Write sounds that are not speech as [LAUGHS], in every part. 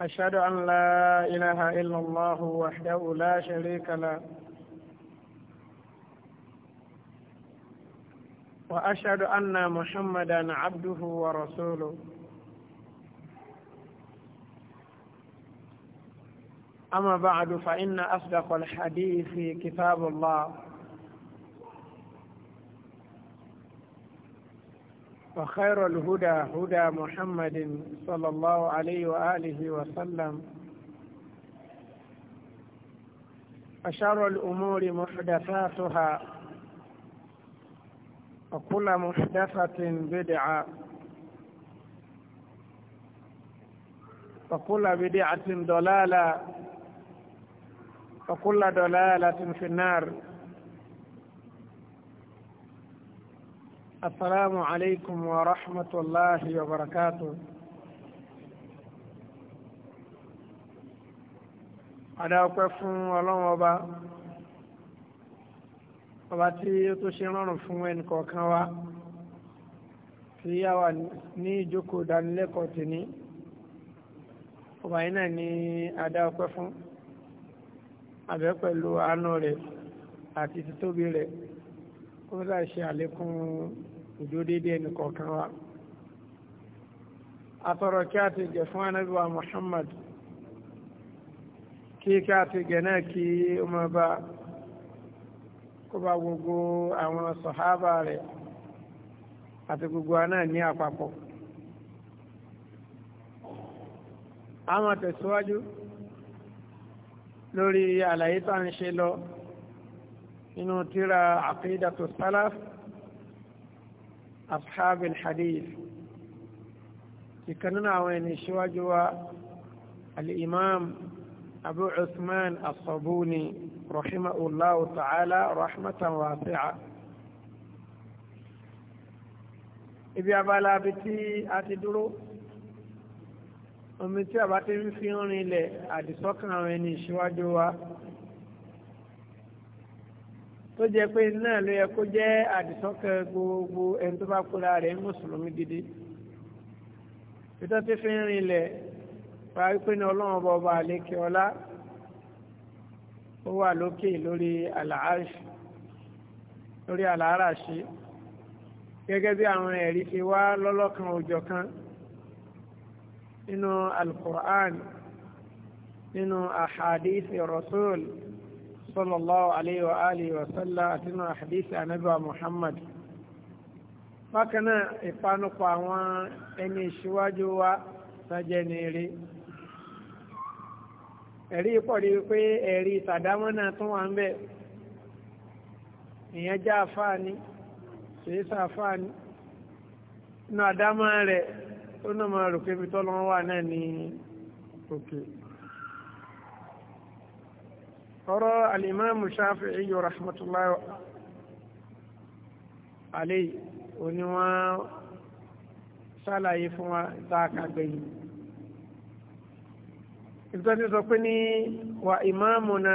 أشهد أن لا إله إلا الله وحده لا شريك له وأشهد أن محمدا عبده ورسوله أما بعد فإن أصدق الحديث كتاب الله وخير الهدى هدى محمد صلى الله عليه وآله وسلم أشار الأمور محدثاتها وكل محدثة بدعة وكل بدعة ضلالة وكل ضلالة في النار السلام عليكم ورحمة الله وبركاته adáwọ́pẹ́ fún ọlọ́run ọba ọba tí ó tó ṣe rọrùn fún ẹnìkọ̀ọ̀kan wa tí yá wà ní ìjókòó ìdánilẹ́kọ̀ọ́ tìní ọba yìí náà ní adáwọ́pẹ́ fún abẹ́ pẹ̀lú àánú rẹ̀ àti títóbi rẹ̀ ó bá ṣe àlékún ìdúdédé ẹni kọ̀ọ̀kan wa atọ̀rọ̀ kí a ti gẹ̀ fún ànábì wa Muhammad kí kí a ti gẹ̀ náà kí ó máa bá kó bá gbogbo àwọn sọ̀hábà rẹ̀ àti gbogbo wa náà ní àpapọ̀ a máa tẹ̀síwájú lórí àlàyé tá à ń ṣe lọ nínú tírà Aqidatu Salaf أصحاب الحديث يكننا وين الشواجوا الإمام أبو عثمان الصبوني رحمه الله تعالى رحمة واسعة ibi abala bi tí a ti dúró omi tí a bá ti ń fi ń rinlẹ̀ àdìsọ́kàn àwọn ẹni ìṣíwájú wa tó jẹ́ pé náà ló yẹ kó jẹ́ àdìsọ́kẹ́ gbogbo ẹni tó bá kóra rẹ̀ mùsùlùmí gidi ìtọ́ ti fi ń rinlẹ̀ wá wípé ní ọlọ́run ọba ọba àlékè ọlá ó wà lókè lórí àlàáṣì lórí àlàáràṣì gẹ́gẹ́ bí àwọn ẹ̀rí ti wá lọ́lọ́kan òjọ̀kan nínú alukur'an nínú ahadisi rasul. صلى الله عليه وآله وسلم أتنا حديث عن أبا محمد bákan náà ìpanupọ̀ àwọn ẹni سجنيري، wa sọ́jẹ́ ní rí ẹ̀rí pọ̀rí pé ẹ̀rí tàdámọ́ náà tún wà ń bẹ̀ ìyẹn já àfáàní kìí sàfáàní inú àdámọ́ rẹ̀ ó náà máa rò pé ibi tọ́lọ́wọ́ wà náà ní òkè. Okay ọ̀rọ̀ alimami Shafi'i yọ rahmatullahi alayhi òní wọ́n ṣàlàyé fún wa dáàkà gbẹ̀yìn ìtọ́jú sọ pé ní wa ìmáàmù na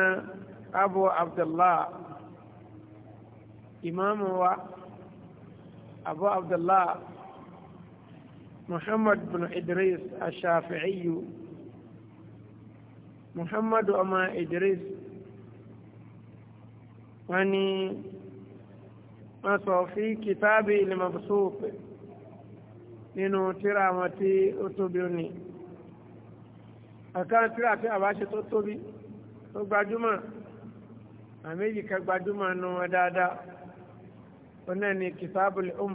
abu abdullah ìmáàmù wa abu abdullah muhammad bin idris ashafi'iyu muhammadu ọmọ idris wọ́n ní wọ́n sọ fi kìtàbí al-Mabsuut nínú tíra wọn tí ó tóbi ó ní àkàrà tíra tí àbáṣe tó tóbi tó gbajúmọ̀ àméjì kan gbajúmọ̀ nu wọn dáadáa ó náà ní kìtàbul umm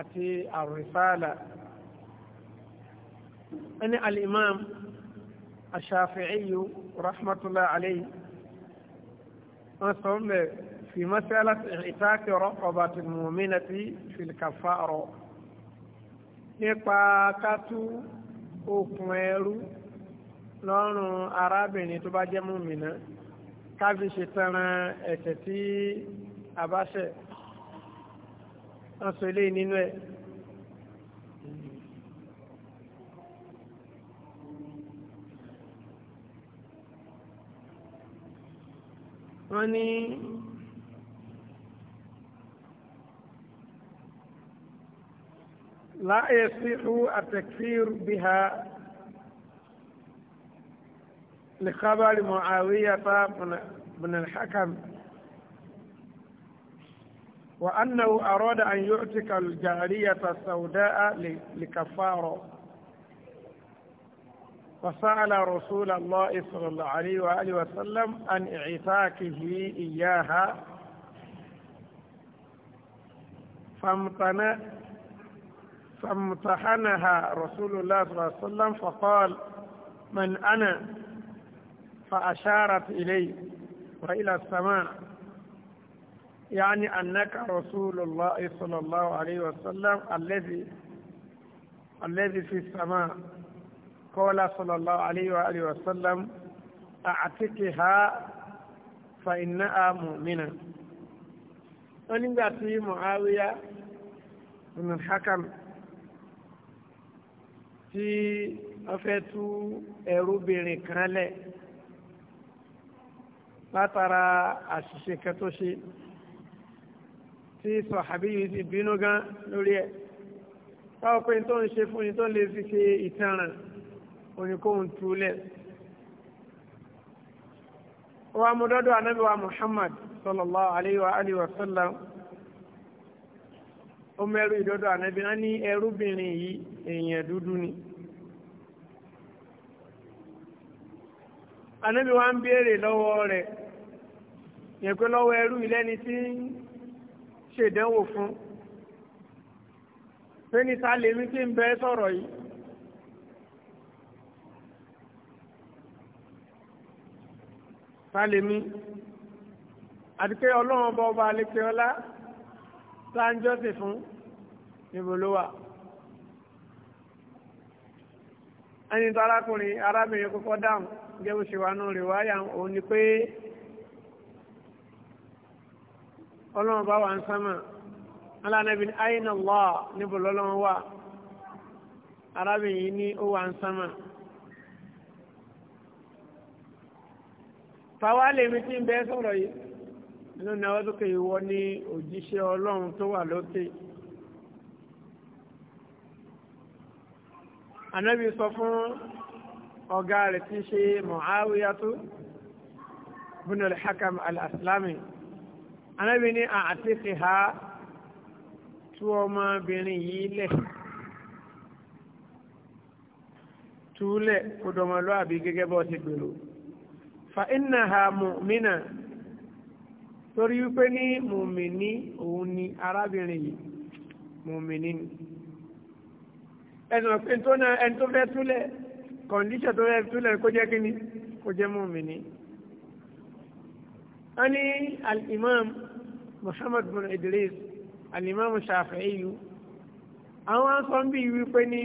àti ar-risala ẹni al-imam ash-shafi'i rahmatullahi wọ́n sọ ń bẹ̀ fi mọ́sálà ìtàkì rọ́kọ̀bà tí mùmínà ti fìlìkàfà rọ̀ nípa kátú okùn ẹrú lọ́rùn arábìnrin tó bá jẹ́ mùmínà kábí ṣe tẹran ẹ̀ṣẹ̀ tí a bá ṣẹ̀ wọ́n eléyìí nínú ẹ̀. wọ́n لا يصح التكفير بها لخبر معاوية بن الحكم وأنه أراد أن يعتق الجارية السوداء لكفارة فسأل رسول الله صلى الله عليه وآله وسلم عن إعتاقه إياها فامتنى فامتحنها رسول الله صلى الله عليه وسلم فقال من أنا فأشارت إلي وإلى السماء يعني أنك رسول الله صلى الله عليه وسلم الذي الذي في السماء قال صلى الله عليه وآله وسلم أعتقها فإنها مؤمنة ونبعثي معاوية بن الحكم tí wọ́n fẹ́ tú ẹrúbìnrin kan lẹ̀ látara àṣìṣe kan tó ṣe tí sọ̀hábí yìí ti bínú gan lórí ẹ̀ báwo pé tó ń ṣe fún ni tó lè fi ṣe ìtanràn oníkóhun túlẹ̀ wa mú dọ́dọ̀ anábì wa muhammad sallallahu alayhi wa alihi wa sallam ó mẹ́rù ìdọ́dọ̀ anábì wọn ní ẹrúbìnrin yìí èèyàn dúdú ni anábì wa ń béèrè lọ́wọ́ rẹ̀ yẹn pé lọ́wọ́ ẹrú ìlẹ́ni tí ń ṣèdánwò fún pé ní sálẹ̀ mi tí ń bẹ́ sọ̀rọ̀ yìí fálẹ́mí àti pé ọlọ́run ọba ọba àlekè ọlá sáńjọ́ sì fún níbo ló wà. ẹni tó arákùnrin arábìnrin kọ́kọ́ dáhùn gẹ́gẹ́ bó ṣe wà nù rè wáyà òun ni pé ọlọ́run ọba wà ń sánmà alánàbí ayé náà wà níbo lọ́lọ́run wà arábìnrin yìí ní ó wà ń sánmà. tàwa lèmi tí ń bẹ sọ̀rọ̀ yìí nínú náwó tó kéwì wọ ní òjíṣẹ́ ọlọ́run tó wà lókè. ànábì sọ fún ọ̀gá rẹ̀ tí ń ṣe Muawiyatu bin al-Hakam al-Aslami ànábì ní àtìkì ha tú ọmọbìnrin yìí lẹ̀ túlẹ̀ kó dọmọlúwàbí gẹ́gẹ́ bọ́ ti gbèrò fa iná ha mùmínà torí wípé ní mùmíní òun ni arábìnrin yìí mùmíní ni ẹnu ọ̀pẹ́ tó náà ẹni tó fẹ́ túlẹ̀ kọ̀ǹdíṣà tó fẹ́ túlẹ̀ kó jẹ́ kíni kó jẹ́ mùmíní. wọ́n ní al-imam muhammad bin idris al-imam shafi'i àwọn asọ́nbí wípé ní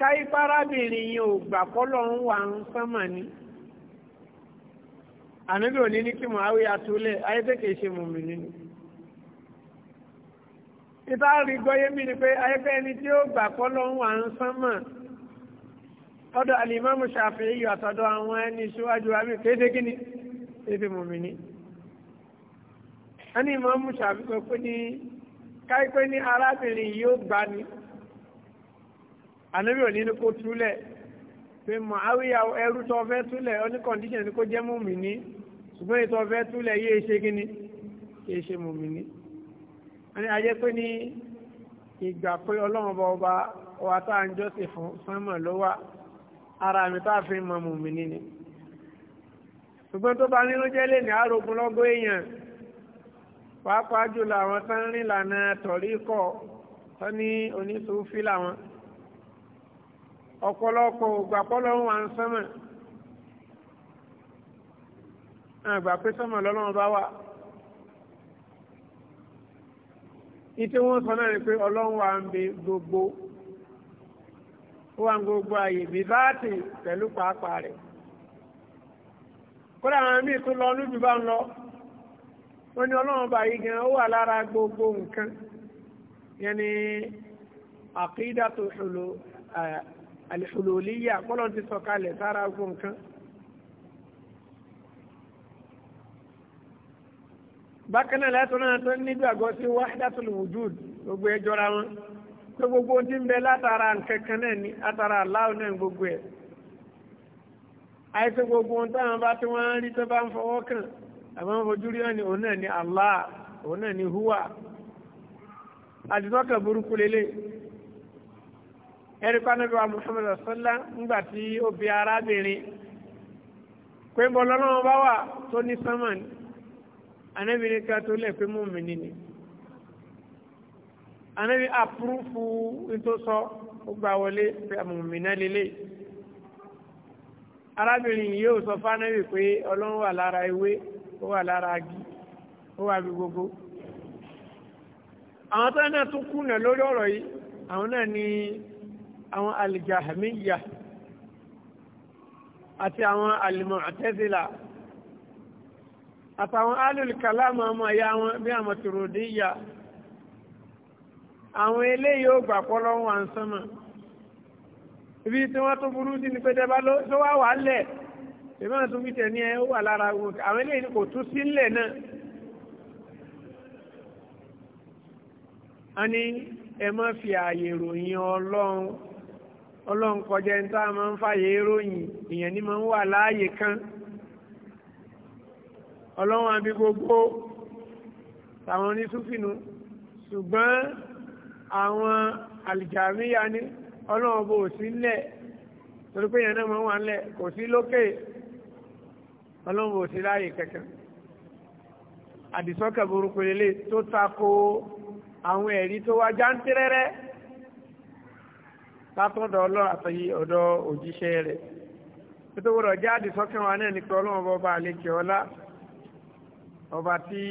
káyípa arábìnrin yìí ò gbà kọ́ lọ́run wà ń sánmà ni ànábì òní ní kí màá wí àtúlẹ̀ ayé pé kìí ṣe mùmí nínú. ìta rí gbọ́yé mi ni pé ayé pé ẹni tí ó gbà kọ́ lọ́hún à ń sán mọ̀ ọ̀dọ̀ alimami ṣàfihàn iyọ̀ àtọ̀dọ̀ àwọn ẹni ṣíwájú wa mi kéde kí ni kéde mùmí ni. ẹni ìmọ̀ọ́mù ṣàfihàn pé ní káyipẹ́ ní arábìnrin yìí ó gbani ànábì òní ní kó túlẹ̀ pé Muawiya ẹrú tó fẹ́ túlẹ̀ oníkọ̀ndíṣẹ̀ ni kó jẹ́ mùmíní ṣùgbọ́n ètò ọ̀fẹ́ túlẹ̀ yéé ṣe kí ni kìí ṣe mùmíní. wọ́n á jẹ́ pé ní ìgbà pé ọlọ́run bá ọba wa tá à ń jọ́sìn fún sánmọ̀ ló wà ara mi tá a fi mọ mùmíní ni. ṣùgbọ́n tó bá nínú jẹ́ lè ní àrògùn lọ́gọ́ èèyàn pàápàá jùlọ àwọn tán rìn lànà tọ̀ríkọ̀ tán ní oníṣòwò fílà wọn ọ̀pọ̀lọpọ̀ ògbàpọ̀lọ́ wà ń sánmà àgbà pé sánmà lọ́lọ́run bá wà ìtí wọ́n sọ náà ni pé ọlọ́run wà ń bi gbogbo ó wà ń gbogbo ààyè bí báàtì pẹ̀lú pàápàá rẹ̀ kódà àwọn míì tó lọ níbi bá ń lọ wọ́n ní ọlọ́run bá yí gan ó wà lára gbogbo nǹkan yẹn ni àkídà tó ṣòlò alìhùlòlíyà kọ́lọ́ ti sọ̀kalẹ̀ sára ogun nǹkan. bákan náà látọ̀ náà tó nígbàgbọ́ sí wahdatul wujud gbogbo ẹ jọra wọn pé gbogbo ohun tí ń bẹ látara nǹkan kan náà ni látara aláwọ náà gbogbo ẹ àìsí gbogbo ohun táwọn bá tí wọ́n rí tó bá ń fọwọ́ kàn àwọn ojú rí wọn òun náà ni Allah òun náà ni huwa àdìsọ́kàn burúkú lélẹ́yìí ẹ̀ríkọ́ anábíwá muhammed ọ̀sọ́lá ńgbà tí ó bi arábìnrin pé bọ́lá náà bá wà tó ní sánmàn anábìnrin ká tó lẹ̀ pé mùmínì ni anábì àpúrúfù nítòsọ ó gbà wọlé pé mùmínà lélẹ̀ arábìnrin yìí yóò sọ fánábì pé ọlọ́run wà lára ewé ó wà lára agi ó wà bí gbogbo àwọn tó náà tún kùnà lórí ọ̀rọ̀ yìí àwọn náà ní àwọn alìjàmíyà àti àwọn alìmọ̀tẹ́sílà àtàwọn alìkàlámà ọmọ ya wọn bí àmọ̀ tòròdíyà àwọn eléyìí ó gbà pọ́ lọ́wọ́ à ń sánmà ibi tí wọ́n tó burú sí ni pé tẹ́ bá ló wá wà lẹ̀ ìmọ̀ tó fi wà lára wọn ẹ má fi ààyè ròyìn ọlọ́run ọlọ́run kọjá ní tá a máa ń fàyè ròyìn èèyàn ní máa ń wà láàyè kan ọlọ́run àbí gbogbo tàwọn onísúfìnù ṣùgbọ́n àwọn àlìjàmíyà ní ọlọ́run bò sí ńlẹ̀ torí pé èèyàn náà máa ń wà ńlẹ̀ kò sí lókè ọlọ́run bò sí láàyè kankan àdìsọ́kẹ̀ burúkú lélẹ̀ tó tako àwọn ẹ̀rí tó wá jáńtẹ́rẹ́rẹ́ látọ̀dọ̀ ọlọ́run àtọyí ọ̀dọ̀ òjíṣẹ́ rẹ̀ tó wọ́rọ̀ jáde sọ́kàn wa náà ní pé ọlọ́run ọba àlejò ọlá ọba tí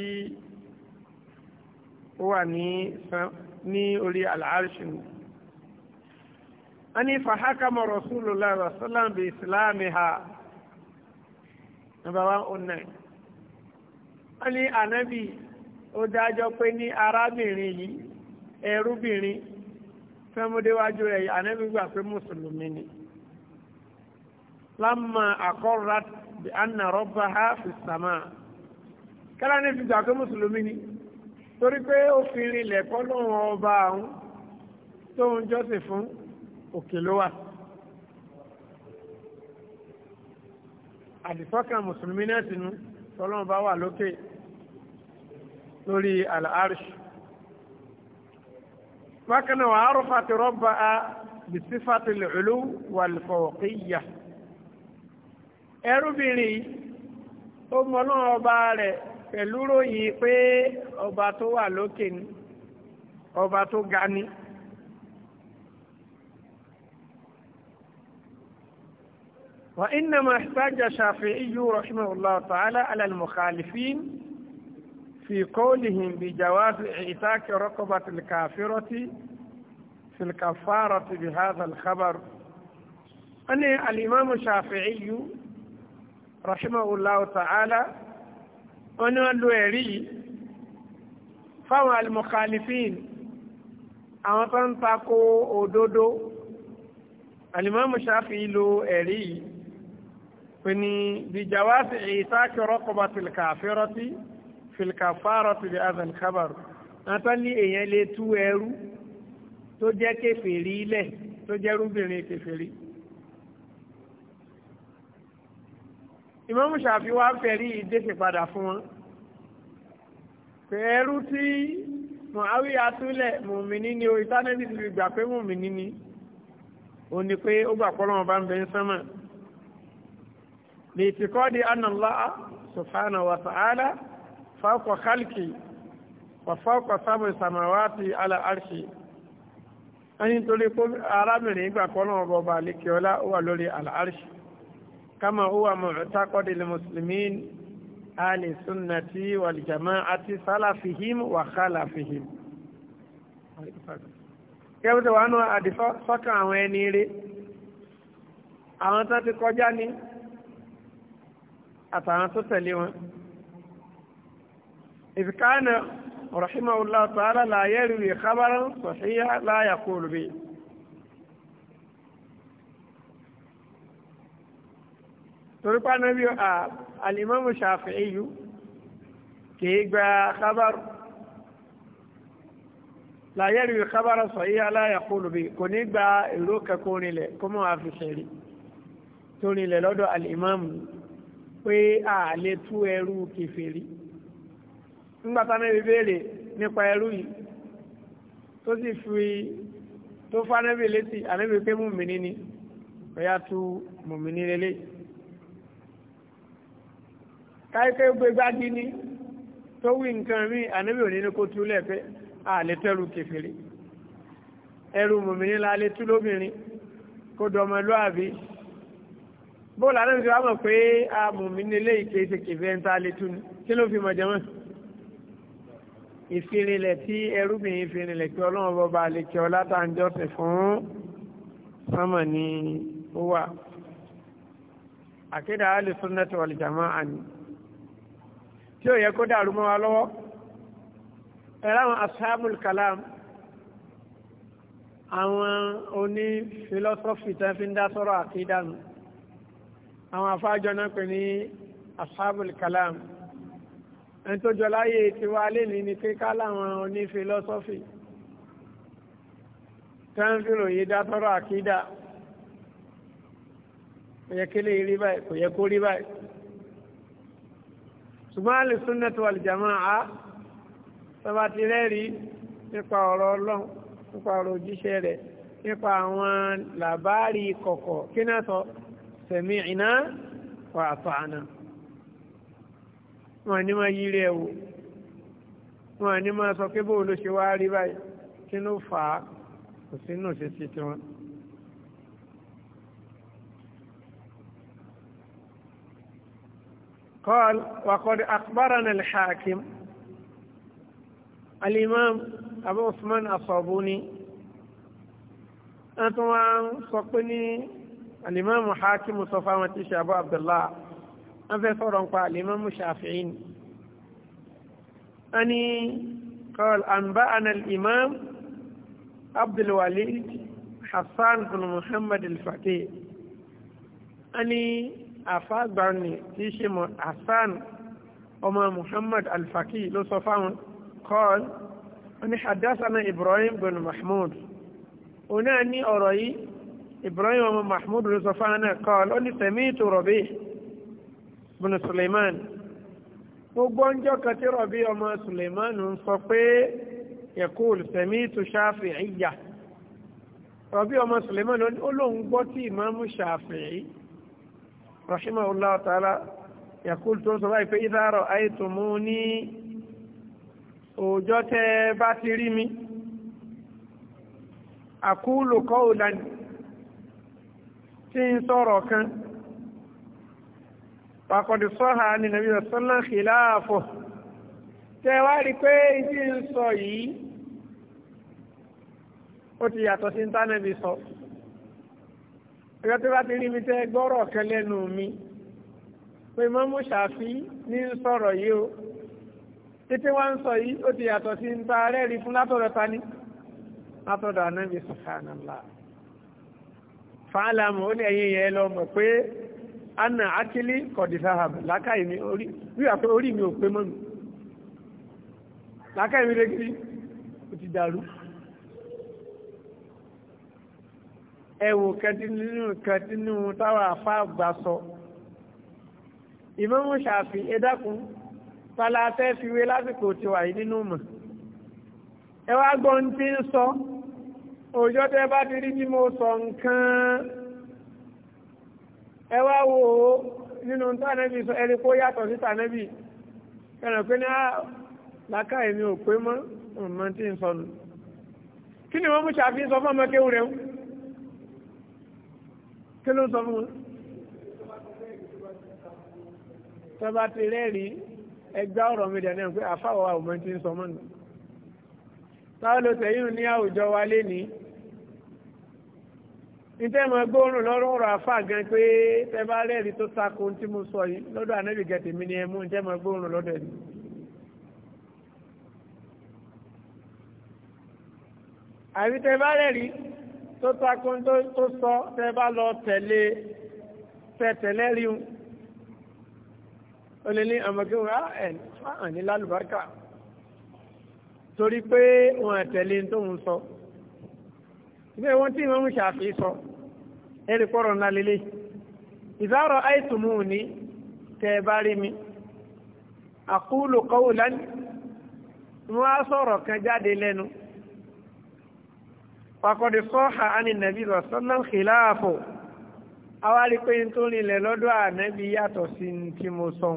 ó wà ní orí àlàáṣù a ní fàhákàmọ̀ Rasulullah sallam bí ìsìláàmì ha number one oh nine a ní ànábì ó dájọ́ pé ní arábìnrin yìí ẹrúbìnrin sẹ́múdéwájú rẹ̀ ànábì gbà pé mùsùlùmí ni lámà àkọ́rọ̀dá bí anna rọ́bà ha fi sàmà kẹ́lá ní fi gbà pé mùsùlùmí ni torí pé ó fi rinlẹ̀ kọ́ lóhun ọba àwọn tóun jọ́sìn fún òkè ló wà. àdìsọ́kàn mùsùlùmí náà ti nu tọ́lọ́mọba wà lókè lórí àlàárìṣì bákan náà arafat rabbaha bi sifatil ulu wal fawqiyya ẹrúbìnrin ó mọ náà ọba rẹ̀ pẹ̀lú ròyìn pé ọba tó wà lókè ni ọba tó ga ni. وإنما احتاج الشافعي رحمه الله تعالى على المخالفين في قولهم بجواز عتاق رقبة الكافرة في الكفارة بهذا الخبر أن الإمام الشافعي رحمه الله تعالى أنه الويري فهو المخالفين àwọn tó ń takò òdodo alimami ṣáfi lo ẹ̀rí yìí pé filkafaro ti di azan kabaru nata ní èèyàn lè tú ẹrú tó jẹ́ kèfèrí ilẹ̀ tó jẹ́ rúbìnrin kèfèrí. ìmọ̀mù ṣàfihàn fẹ̀rí ìdèsè padà fún wọn pé ẹrú tí mọ̀háwí atúlẹ̀ mùmíní ni o ìtánẹ́bí ti fi gbà pé ni o ní pé ó gbà pọ́lọ́mọ bá ń bẹ ń sánmà lè tìkọ́ subhanahu wa ta'ala. فوق خلقي وفوق سبع سماوات على عرشي ẹni torí kó arábìnrin ìgbà kan náà bọ̀ bá lékè ọlá ó wà lórí àlàárṣì kama ó wà mọ̀ tákọ́dìlì mùsùlùmí àlè súnà tí wàlìjàmá àti sálàfihìm wà kálàfihìm. kẹ́bùtù wà nù àdìfọ́ sọ́kàn àwọn ẹni rí àwọn tó ti kọjá ní àtàwọn tó tẹ̀lé wọn. إذ كان رحمه الله تعالى لا يروي خبرا صحيحا لا يقول به torípa nàbí alìmọ́mù ṣàfihìyù kìí gba kábàrù láyẹ̀rì kábàrù sọ yí aláyàkúrò bí kò ní gba ìró kẹkọ́ nílẹ̀ kó mọ́ àfihẹ̀rí tó nílẹ̀ lọ́dọ̀ alìmọ́mù pé a lè tú ẹrú kìfèrí ńgbàtà náà béèrè nípa ẹrú yìí tó sì fi tó fánẹ́bì létí ànábì pé mùmìnì ni ọ̀yà tu mùmìnì lélẹ̀ káyíké gbégbági ni tó wí nǹkan mí ànábì òní ni kó túlẹ̀ pé àlè tẹ́lu kẹfìrí ẹrú mùmìnì la lè tú lóbìnrin kó dọmọlúàbí bóòlù ànábì tí wàá mọ̀ pé a mùmìnì lè kéde kẹfẹ́ ń ta lè tú ni kí ló fi mọ̀ jẹ́ mọ́ ìfirinlẹ̀ tí ẹrúbìnrin ìfirinlẹ̀ kí ọlọ́run bọba àlekẹ́ ọlátàǹjọ́sìn fún sánmà ni ó wà àkédà alìsúnnẹ́tì ọ̀lìjàmá àní tí ó yẹ kó dàrú mọ́ wa lọ́wọ́ ẹ̀ráwọn asáàmùl kalam àwọn oní fílọ́sọ́fì tẹ́ fi ń dá sọ́rọ̀ àkídà nù àwọn afájọ náà pè ní asáàmùl kalam ẹni tó jọ láyé tiwa lẹ́ni ni kíká láwọn onífilọ́sọ́fì tẹ́ńfìlò yìí dátọ́rọ̀ àkídà kò yẹ kí lè rí báyìí kò yẹ kó rí báyìí ṣùgbọ́n al-sunnah wal-jamā'ah tọ́ba ti rẹ́rìí nípa ọ̀rọ̀ ọlọ́run nípa ọ̀rọ̀ òjíṣẹ́ rẹ̀ nípa àwọn làbárí kọ̀kọ̀ kí náà sọ sami'nā wa aṭa'nā wọn ní máa yí rẹ̀ wò wọn ní máa sọ pé bóun ló ṣe wá rí báyìí kí ló fà á kò sínú ṣíṣe tiwọn. قال وقد أخبرنا الحاكم الإمام أبو عثمان الصابوني أنتم عن صقني الإمام حاكم صفامة أبو عبد الله wọ́n fẹ́ sọ̀rọ̀ ń pa alimamu shafi'i ni wọ́n ní kọ́l anba anal imam abdulwalid hassan bin muhammad al-fatih wọ́n ní àfáàgbà ni tí í ṣe hassan ọmọ muhammad al-fatih ló sọ fáwọn kọ́l wọ́n ní hadassana ibrahim bin mahmud òun náà ní ọ̀rọ̀ yìí ibrahim ọmọ mahmud ló sọ fáwọn náà kọ́l ó ní sẹ́mìtì rọ̀bì bùnú Suleiman gbogbo ọjọ́ kan tí rọ̀bí ọmọ Suleiman ń sọ pé yakul samitu Shafi'iyya rọ̀bí ọmọ Suleiman ó lóun gbọ́ tí ìmáàmù Shafi'i rahimahullah ta'ala yakul tó ń sọ báyìí pé idha ra'aytumuni òòjọ́ tẹ́ bá ti rí mi àkúlù qawlan tí ń sọ̀rọ̀ kan pàkọ̀dù sọ́ha ní nàbí ọ̀sánlá kìláàfọ̀ tẹ́ wá rí pé ibi ń sọ yìí ó ti yàtọ̀ sí ntánẹ́bì sọ ẹgbẹ́ tó bá ti rí mi tẹ́ gbọ́rọ̀ kan lẹ́nu mi pé mọ́mú ṣàfi ní ń sọ̀rọ̀ yìí o títí wá ń sọ yìí ó ti yàtọ̀ sí nta rẹ́ẹ̀rí fún látọ̀dọ̀ ta ni látọ̀dọ̀ ànábì subhanallah fàálàmù ó ní ẹ̀yìn yẹn lọ mọ̀ pé anna akili kọ̀dìsáhàb lákàí mi orí bí àpẹ orí mi ò pé mọ́nu lákàí mi rẹ́gírí ó ti dàrú ẹ̀wò kẹtínú kẹtínú táwà fáàgbà sọ ìmọ̀mú ṣàfi ẹ̀dákun tala fẹ́ fi wé lásìkò ti wà yìí nínú mọ̀ ẹ wá gbọ́n tí ń sọ òjò tẹ́ bá ti rí bí mo sọ nǹkan ẹ wá wo nínú tánẹ́bì sọ ẹni kó yàtọ̀ sí tánẹ́bì ẹ̀rọ pé ní ah, àlákà èmi ò pé mọ́ ọmọ tí ń sọnù kí ni wọ́n mú ṣàfi sọ fún ọmọ kéwù rẹ̀ ń kí ló ń sọ fún wọn. tọ́ba ti rẹ́ẹ̀rí ẹgbá ọ̀rọ̀ mi dẹ̀ náà pé àfáwọ̀ àwọn ọmọ tí ń sọ mọ́nu táwọn lọ sẹ́yìn ní àwùjọ wa lé ní nítẹ́ mọ gbóòórùn lọ́rùn ọ̀rọ̀ àfà gan pé tẹ bá rẹ́ẹ̀rí tó takun tí mo sọ yìí lọ́dọ̀ ànábì gẹ̀tẹ̀ mi ni ẹ mú nítẹ́ mọ gbóòórùn lọ́dọ̀ ẹ̀rí. àbí tẹ bá rẹ́ẹ̀rí tó takun tó sọ tẹ bá lọ tẹ̀lé tẹ rí un ó lè ní àmọ́kéwòn ah, á ẹ̀ ní lálùbáríkà torí pé wọn àtẹ̀lé tó ń sọ ìbẹ́ wọn tí ìmọ̀ ń ṣàfi sọ ẹ̀rì pọ̀rọ̀ ńlá lélẹ̀ ìzárọ̀ àìsùnmù ní tẹ́ ẹ bá rí mi àkúlù kọ́wù lánìí wọ́n á sọ̀rọ̀ kan jáde lẹ́nu pàkọ́dé sọ́ọ̀hà á ní nàbí rọ̀sọ́nà kìláàfò awárí pé n tó rinlẹ̀ lọ́dọ̀ ànábì yàtọ̀ sí tí mo sọ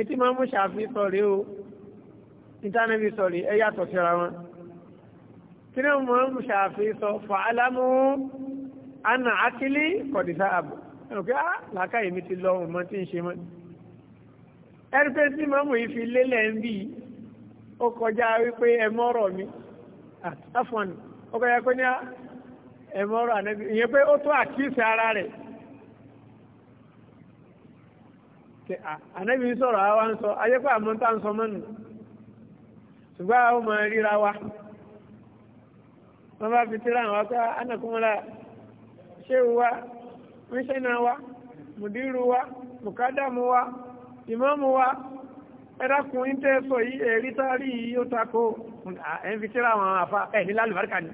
ìtí máa mú ṣàfi o ìtànàbí sọ̀rí ẹ yàtọ̀ síra wọn. kí ni mo sọ fà álámú ana akílí àbò ẹnìkú á ah, làákà èmi ti lọ ọmọ tí ń ṣe mọ́ ẹni pé tí mọ́mù fi lélẹ̀ ń bì ó kọjá wípé ẹ mi àtàfọ́nì ah, ó kọjá pé ní ah, ẹ ànẹ́bí ìyẹn pé ó tó ara rẹ̀ wọ́n bá fi tíra àwọn ọkọ̀ ánàkúnmọ́ra ṣéwù wa míṣẹ́nà wa mùdírù wa mùkádàmù wa ìmáàmù wa ẹ̀dàkùn ìtẹ́ sọ yí ẹ̀rí sáárì yìí ó takò ẹ̀ń fi tíra àwọn àfa ẹ̀ní lálùbáríkà ni.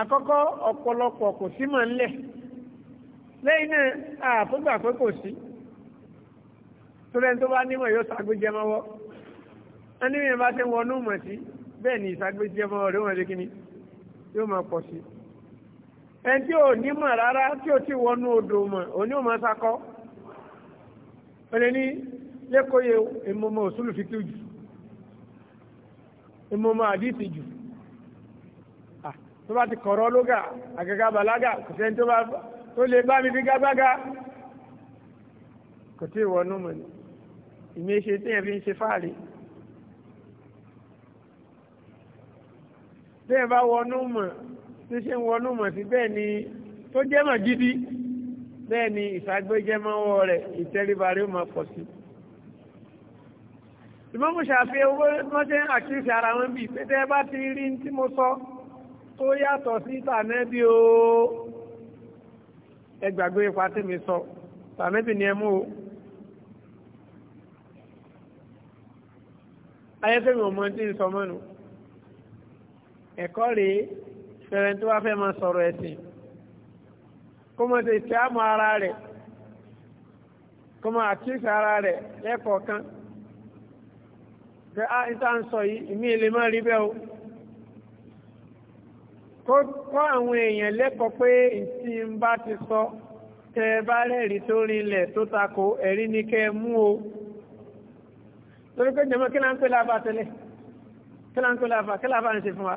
àkọ́kọ́ ọ̀pọ̀lọpọ̀ kò sí mọ̀ ńlẹ̀ lẹ́yìn náà àtúgbà pé kò sí tó lẹ́ni tó bá nímọ̀ yóò sagbó ẹni mi bá ti wọnú mọ̀ sí bẹ́ẹ̀ ni ìsagbéjì ẹmọ rẹ̀ wọ́n lé kíní yóò máa pọ̀ sí ẹni tí ò ní mọ̀ rárá tí ò ti wọnú odò mọ̀ òní ò máa sakọ́ ọ̀lẹ́ ní lẹ́kọ̀ọ́yẹ ìmọ̀mọ̀ òṣùlù fi tú jù ìmọ̀mọ̀ àdìsí jù tó bá ti kọ̀rọ̀ lóga àgàgà bàlágà kò sẹ́ni tó lè bá mi fi gágbága kò tí ì wọnú mọ̀ ní ìmí tí yẹn fi ń ṣe fáàrí bẹ́ẹ̀ bá wọnú mọ̀ tí ṣe ń wọnú mọ̀ sí bẹ́ẹ̀ ni tó jẹ́ mọ̀ gidi bẹ́ẹ̀ ni ìṣàgbéjẹmọ́wọ́ rẹ̀ ìtẹríbarí mọ̀ pọ̀ sí. ìmọ̀mù ṣàfihàn owó mọ́ṣẹ́ àkíyèsí ara wọn bíi pé tẹ́ bá ti rí tí mo sọ tó yàtọ̀ sí tànẹ́bí o ẹ gbàgbé ipa tí mi sọ tànẹ́bí ni ẹ mú o. ayẹ́fẹ́mi ò mọ tí ń sọ mọ́nu ẹ̀kọ́ rèé fẹ̀rẹ̀ tó wá fẹ́ máa sọ̀rọ̀ ẹ̀sìn kó mọ̀ sí ìsìlámù ara rẹ̀ kó mọ̀ àkíyèsí ara rẹ̀ lẹ́kọ̀ọ̀kan pé á ìta ń sọ yìí ìmí ilé má rí bẹ́ẹ̀ o kó kọ́ àwọn èèyàn lẹ́kọ̀ọ́ pé ìtì ń bá ti sọ tẹ bá rẹ́rìí tó rinlẹ̀ tó tako ẹ̀rí ni kẹ́ ẹ mú o torí pé jẹ́mọ́ kí láńpẹ́ lábà tẹ́lẹ̀ kí láńpẹ́ lábà kí lábà ń ṣe fún wa.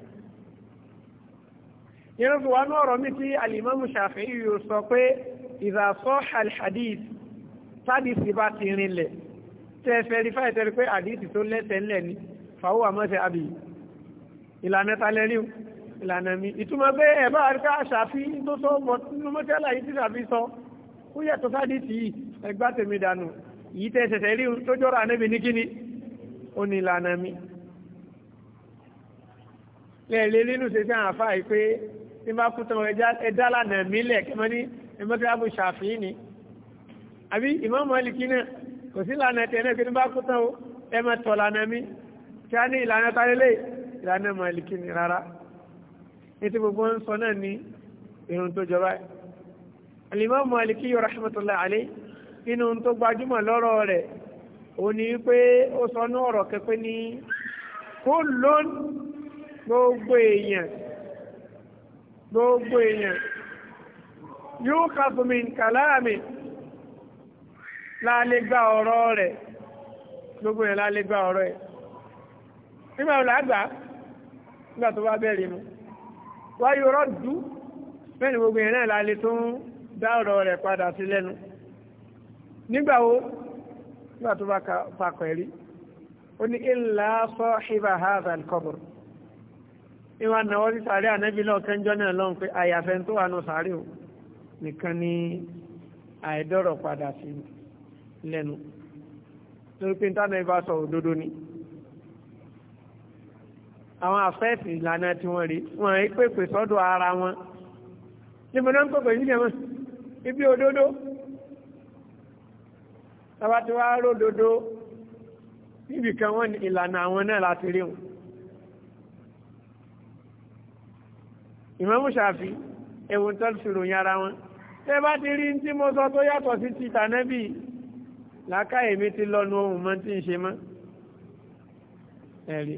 ìrìn fún wa ní ọ̀rọ̀ mi tí alimamu Shafi'i yóò sọ pé ìdásọ́ alhadith sádìsì bá ti rinlẹ̀ tẹ́ fẹ́rífà ìtẹ́rí pé àdìsì tó lẹ́sẹ̀ ńlẹ̀ ni fàwọ́ àmọ́sẹ̀ àbí ìlànà talẹ́ríù ìlànà mi ìtumọ̀ pé ẹ̀bá àríká Shafi'i tó sọ bọ̀ nínú mọ́tẹ́lá yìí ti sàfi sọ ó yàtọ̀ sádìsì yìí ẹgbá tèmi dànù yìí ṣe sí àǹfà yìí ní bá kú tọmọ ẹ̀dá lànà mílẹ̀ kí wọ́n ní ẹ̀mọ́tàbù ṣàfihàn ni àbí Imam Maliki náà kò sí lànà tẹ̀ náà kí ní bá kú tán o ẹ̀mọ́ tọ̀ lànà mi kí á ní ìlànà tálélẹ̀ ìlànà Maliki ni rárá ní ti gbogbo ń sọ náà ní irun tó jọba yìí Al-Imam Maliki yọ rahmatullahi alayhi tó gbajúmọ̀ lọ́rọ̀ rẹ̀ òní pé ó sọ ní ọ̀rọ̀ kẹ́kẹ́ ní kó lónìí gbogbo èèyàn gbogbo èèyàn yóò kàfùmí kàláàmì lálégbà ọ̀rọ̀ rẹ̀ gbogbo èèyàn lálégbà ọ̀rọ̀ ẹ̀ nígbà wo làgbà nígbà tó bá bẹ̀rẹ̀ mu wáyé ọ̀rọ̀ dú bẹ́ẹ̀ ni gbogbo èèyàn náà lálé tó ń dá ọ̀rọ̀ rẹ̀ padà sí lẹ́nu nígbà wo nígbà tó bá fakọ̀ ẹ̀rí ó ní ìlà sọ ṣíbà hazard kọ́bùrù ìwà náwọ́ sí sàárè ànábì lọ́ọ̀kan jọ náà lọ́n pé àyàfẹ́ tó wà nù sàárè o nìkan ni àìdọ́rọ̀ padà sí lẹ́nu torí pé nítorí náà sọ òdodo ni àwọn àfẹ́ẹ̀sì ìlànà tí wọ́n rí wọ́n rí pèpè sọ́dọ̀ ara wọn níbo náà ń pèpè sílẹ̀ wọn ibi òdodo tàbá ti wá ródodo níbìkan wọn ìlànà àwọn náà láti rí wọn. ìmáàmù ṣàfi ẹ̀wọ̀n tó fi ròyìn ara wọn tẹ́ bá ti rí tí mo sọ tó yàtọ̀ sí ti tànẹ́bì làákà èmi ti lọ́nu ohun mọ́ tí ń ṣe mọ́ ẹ̀rí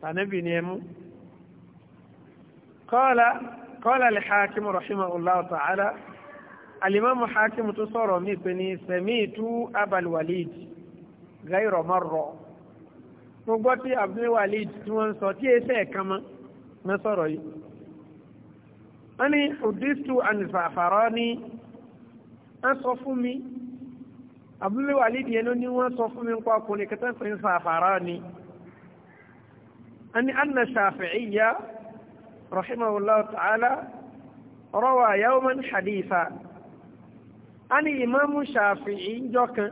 tànẹ́bì ni ẹmú kọ́ọ̀lá kọ́ọ̀lá lè hakimu rahimahullah ta'ala alimamu hakimu tó sọ̀rọ̀ mí pé ní abal walid ghayra marra mo gbọ́ walid tí wọ́n sọ tí ẹsẹ̀ mọ́ sọ̀rọ̀ yìí wọ́n ní ọdíṣù ànìfàfàrọ́ ní wọ́n sọ fún mi abúlé wà lídìí ẹni ní wọ́n sọ fún mi nípa ọkùnrin kẹta ń pè ní fàfàrọ́ ni wọ́n ní anna shafi'iyya rahimahullahu ta'ala rawa yawman haditha wọ́n ní ìmáàmù shafi'i kan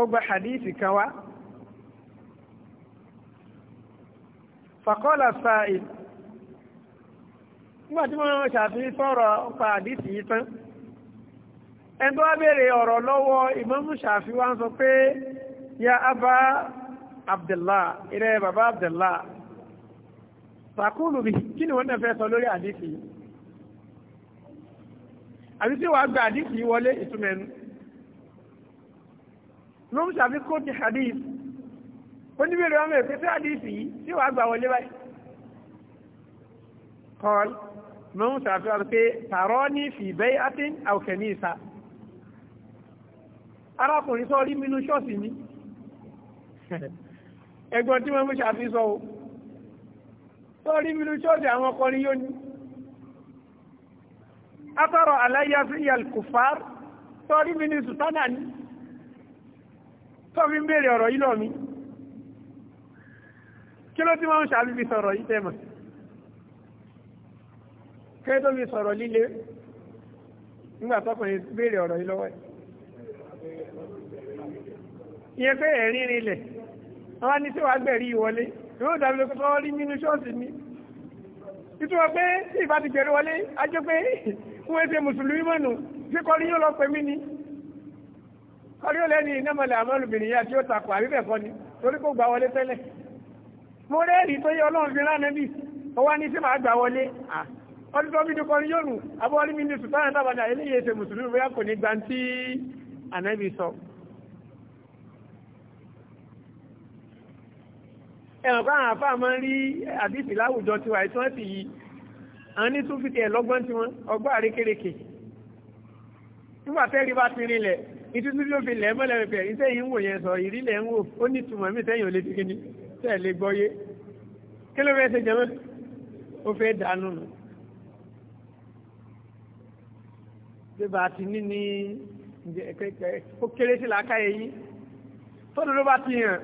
ó gba hadithi kan wá nígbà tí wọ́n ṣàfihàn sọ̀rọ̀ pa àdìsí yìí tán ẹni tó wá béèrè ọ̀rọ̀ lọ́wọ́ ìmámù Ṣàfi'í wá ń sọ pé ya abba Abdullah ilẹ̀ bàbá Abdullah sàkúlù bí kí ni wọ́n náà fẹ́ sọ lórí àdìsí yìí àbí tí wàá gba àdìsí yìí wọlé ìtumẹ̀nu ìmámù Ṣàfi'í kó ti hadith oníbèrè wọn mẹ́rin pé tí àdìsí yìí tí wàá gba wọlé báyìí قال مو سافر في تراني في بيعة أو كنيسة arákùnrin sọ rí mínú ṣọ́ọ̀sì ní ẹgbọ́n tí wọ́n mú ṣàfihàn o sọ rí mínú ṣọ́ọ̀sì àwọn ọkọrin yóò ní atọ́rọ̀ aláyàfíyàl kùfàr sọ rí mínú sùtánà ní tọ́bí ń bèèrè ọ̀rọ̀ yìí lọ mi kí ló tí wọ́n ń ṣàfihàn sọ̀rọ̀ yìí tẹ́mọ̀ kéré tó fi sọ̀rọ̀ líle nígbà tọkùnrin béèrè ọ̀rọ̀ yìí lọ́wọ́ ẹ̀ ìyẹn pé ẹ̀rín rinlẹ̀ wọ́n á ní tí wàá gbẹ̀rí ìwọlé yóò dàbí lóko tó rí nínú ṣọ́ọ̀ṣì ni ìtumọ̀ pé tí ìbá ti gbẹ̀rí wọlé á jẹ́ pé wọ́n ṣe mùsùlùmí mọ̀nù tí kọrí yóò lọ pè mí ni kọrí yóò lẹ́ni ìnámọ̀lẹ̀ àmọ́lùbìnrin yá tí ó takò àbí bẹ́ẹ̀ kọ́ ni torí kò gbà wọlé tẹ́lẹ̀ mo rẹ́ẹ̀rí tó yẹ ọlọ́run fi rán ọdún tó bí dukọ́ yónù abọ́lí mi ní sùtánà dábàdà eléyìí ètò mùsùlùmí bóyá kò ní gbantí ànábì sọ. ẹ̀wọ̀n kọ́ àwọn afá máa ń rí àdìsí láwùjọ tiwa ẹ̀ tí wọ́n ti yí àwọn ní tún fìtì ẹ̀ lọ́gbọ́n tiwọn ọgbọ́n àrékèrèkè nígbà tẹ́ rí bá ti rinlẹ̀ ìtútù tí ó fi lẹ̀ mọ́lẹ̀ pẹ̀ iṣẹ́ yìí ń wò yẹn sọ ìrílẹ̀ ń wò ó ní ìtumọ̀ mí sẹ́yìn ò lè fi kíní lè gbọ́yé kí ló fẹ́ ṣe jẹ́mọ́ ó fẹ́ dànù nù. ṣé bá a ti ní ní ó kéré sí làákàyè yín tọ́dún ló bá ti hàn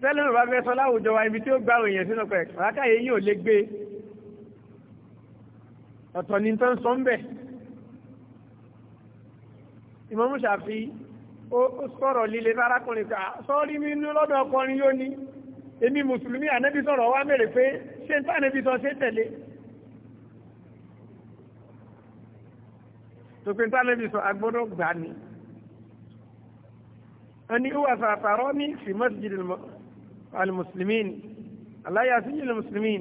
tẹ́lẹ̀ ló bá fẹ́ sọ láwùjọ wa ibi tí ó gbà òyìn sínú pẹ̀ làákàyè yín ò lè gbé ọ̀tọ̀ ni tó ń sọ ń bẹ̀ ìmọ̀mú ṣàfi ó sọ̀rọ̀ líle fárákùnrin ká sọ́ọ́rí mi ní lọ́dọ̀ ọkùnrin yóò ní èmi mùsùlùmí ànẹ́bí sọ̀rọ̀ wá mẹ́rẹ̀ pé ṣé ń tánẹ́bí sọ ṣé tẹ̀lé tòpin tánàbí sọ agbọ́dọ̀ gbà ní ẹni ó wà sàtàrọ́ ní fi masjid al-muslimin aláyà sí jìnnà muslimin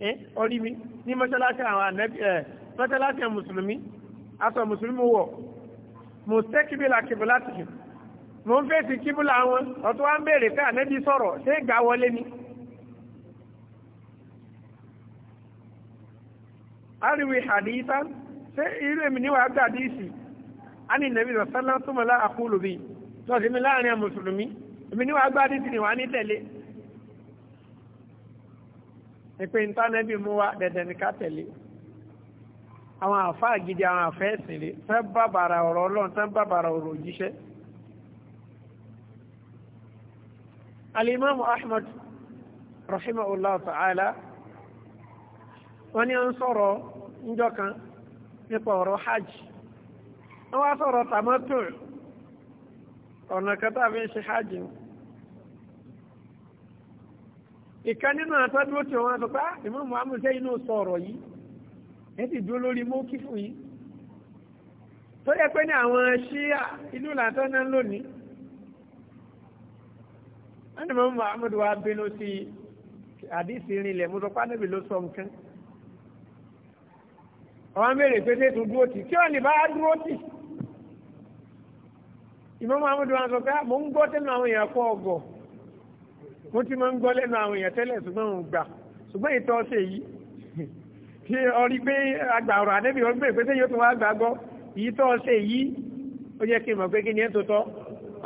ẹ orí mi ní mọ́ṣáláṣí àwọn ànábì ẹ mọ́ṣáláṣí mùsùlùmí aṣọ mùsùlùmí wọ̀ mùsẹ́kìbìlà kìbìlátìkì mo ń fèsì kíbùlà wọn ọ̀tún wa ń béèrè ká ànábì sọ̀rọ̀ ṣé ìgbà wọlé ni. ariwi hadithan ṣé irú èmi níwàá gàdí ìsì á ní nàbí sọ́lá tó mọ̀ lára kú lóbi tó sì mi láàrin mùsùlùmí èmi níwàá gàdí ìsì níwàá ní tẹ̀lé ìpè ntánẹ́bí mú wa dẹ̀dẹ̀ ní ká tẹ̀lé àwọn àfáà gidi àwọn àfẹ́ ìsìnlé tẹ́ bàbàrà ọ̀rọ̀ ọlọ́run tẹ́ bàbàrà ọ̀rọ̀ òjíṣẹ́ alimamu ahmad rahimahullah ta'ala wọ́n ní à ń sọ̀rọ̀ njọ́ kan nípa ọ̀rọ̀ hajj wọ́n wá sọ̀rọ̀ tàmọ́tò ọ̀nà kẹta fi ń ṣe hajj ìkan nínú àtọ́dúró tí wọ́n sọ pé ìmọ̀ ah, muhammed ṣe inú sọ ọ̀rọ̀ yìí ẹ sì dúró lórí mọ́kí fún yìí tó yẹ pé ní àwọn ṣíà inú làtọ́ náà lónìí wọ́n ní mọ́ muhammed wá bínú sí àdìsí rinlẹ̀ mo sọ ló sọ nǹkan àwọn mèrè pété tó dúró tì tí wọ́n lè bá dúró tì ìmọ̀ mahmud wa sọ pé ah, mo ń gbọ́ tẹ́nu àwọn èèyàn kọ́ ọgọ̀ mo ti máa ń gbọ́ lẹ́nu àwọn èèyàn tẹ́lẹ̀ ṣùgbọ́n òun gbà ṣùgbọ́n ìtọ́ ṣe yìí ṣe ọrí pé àgbà ọ̀rọ̀ àdébì ọgbẹ́ ìpèsè yóò tún wá gbàgbọ́ ìyí tọ́ ṣe yìí ó yẹ kí n mọ̀ pé kí ni ẹ́ tó tọ́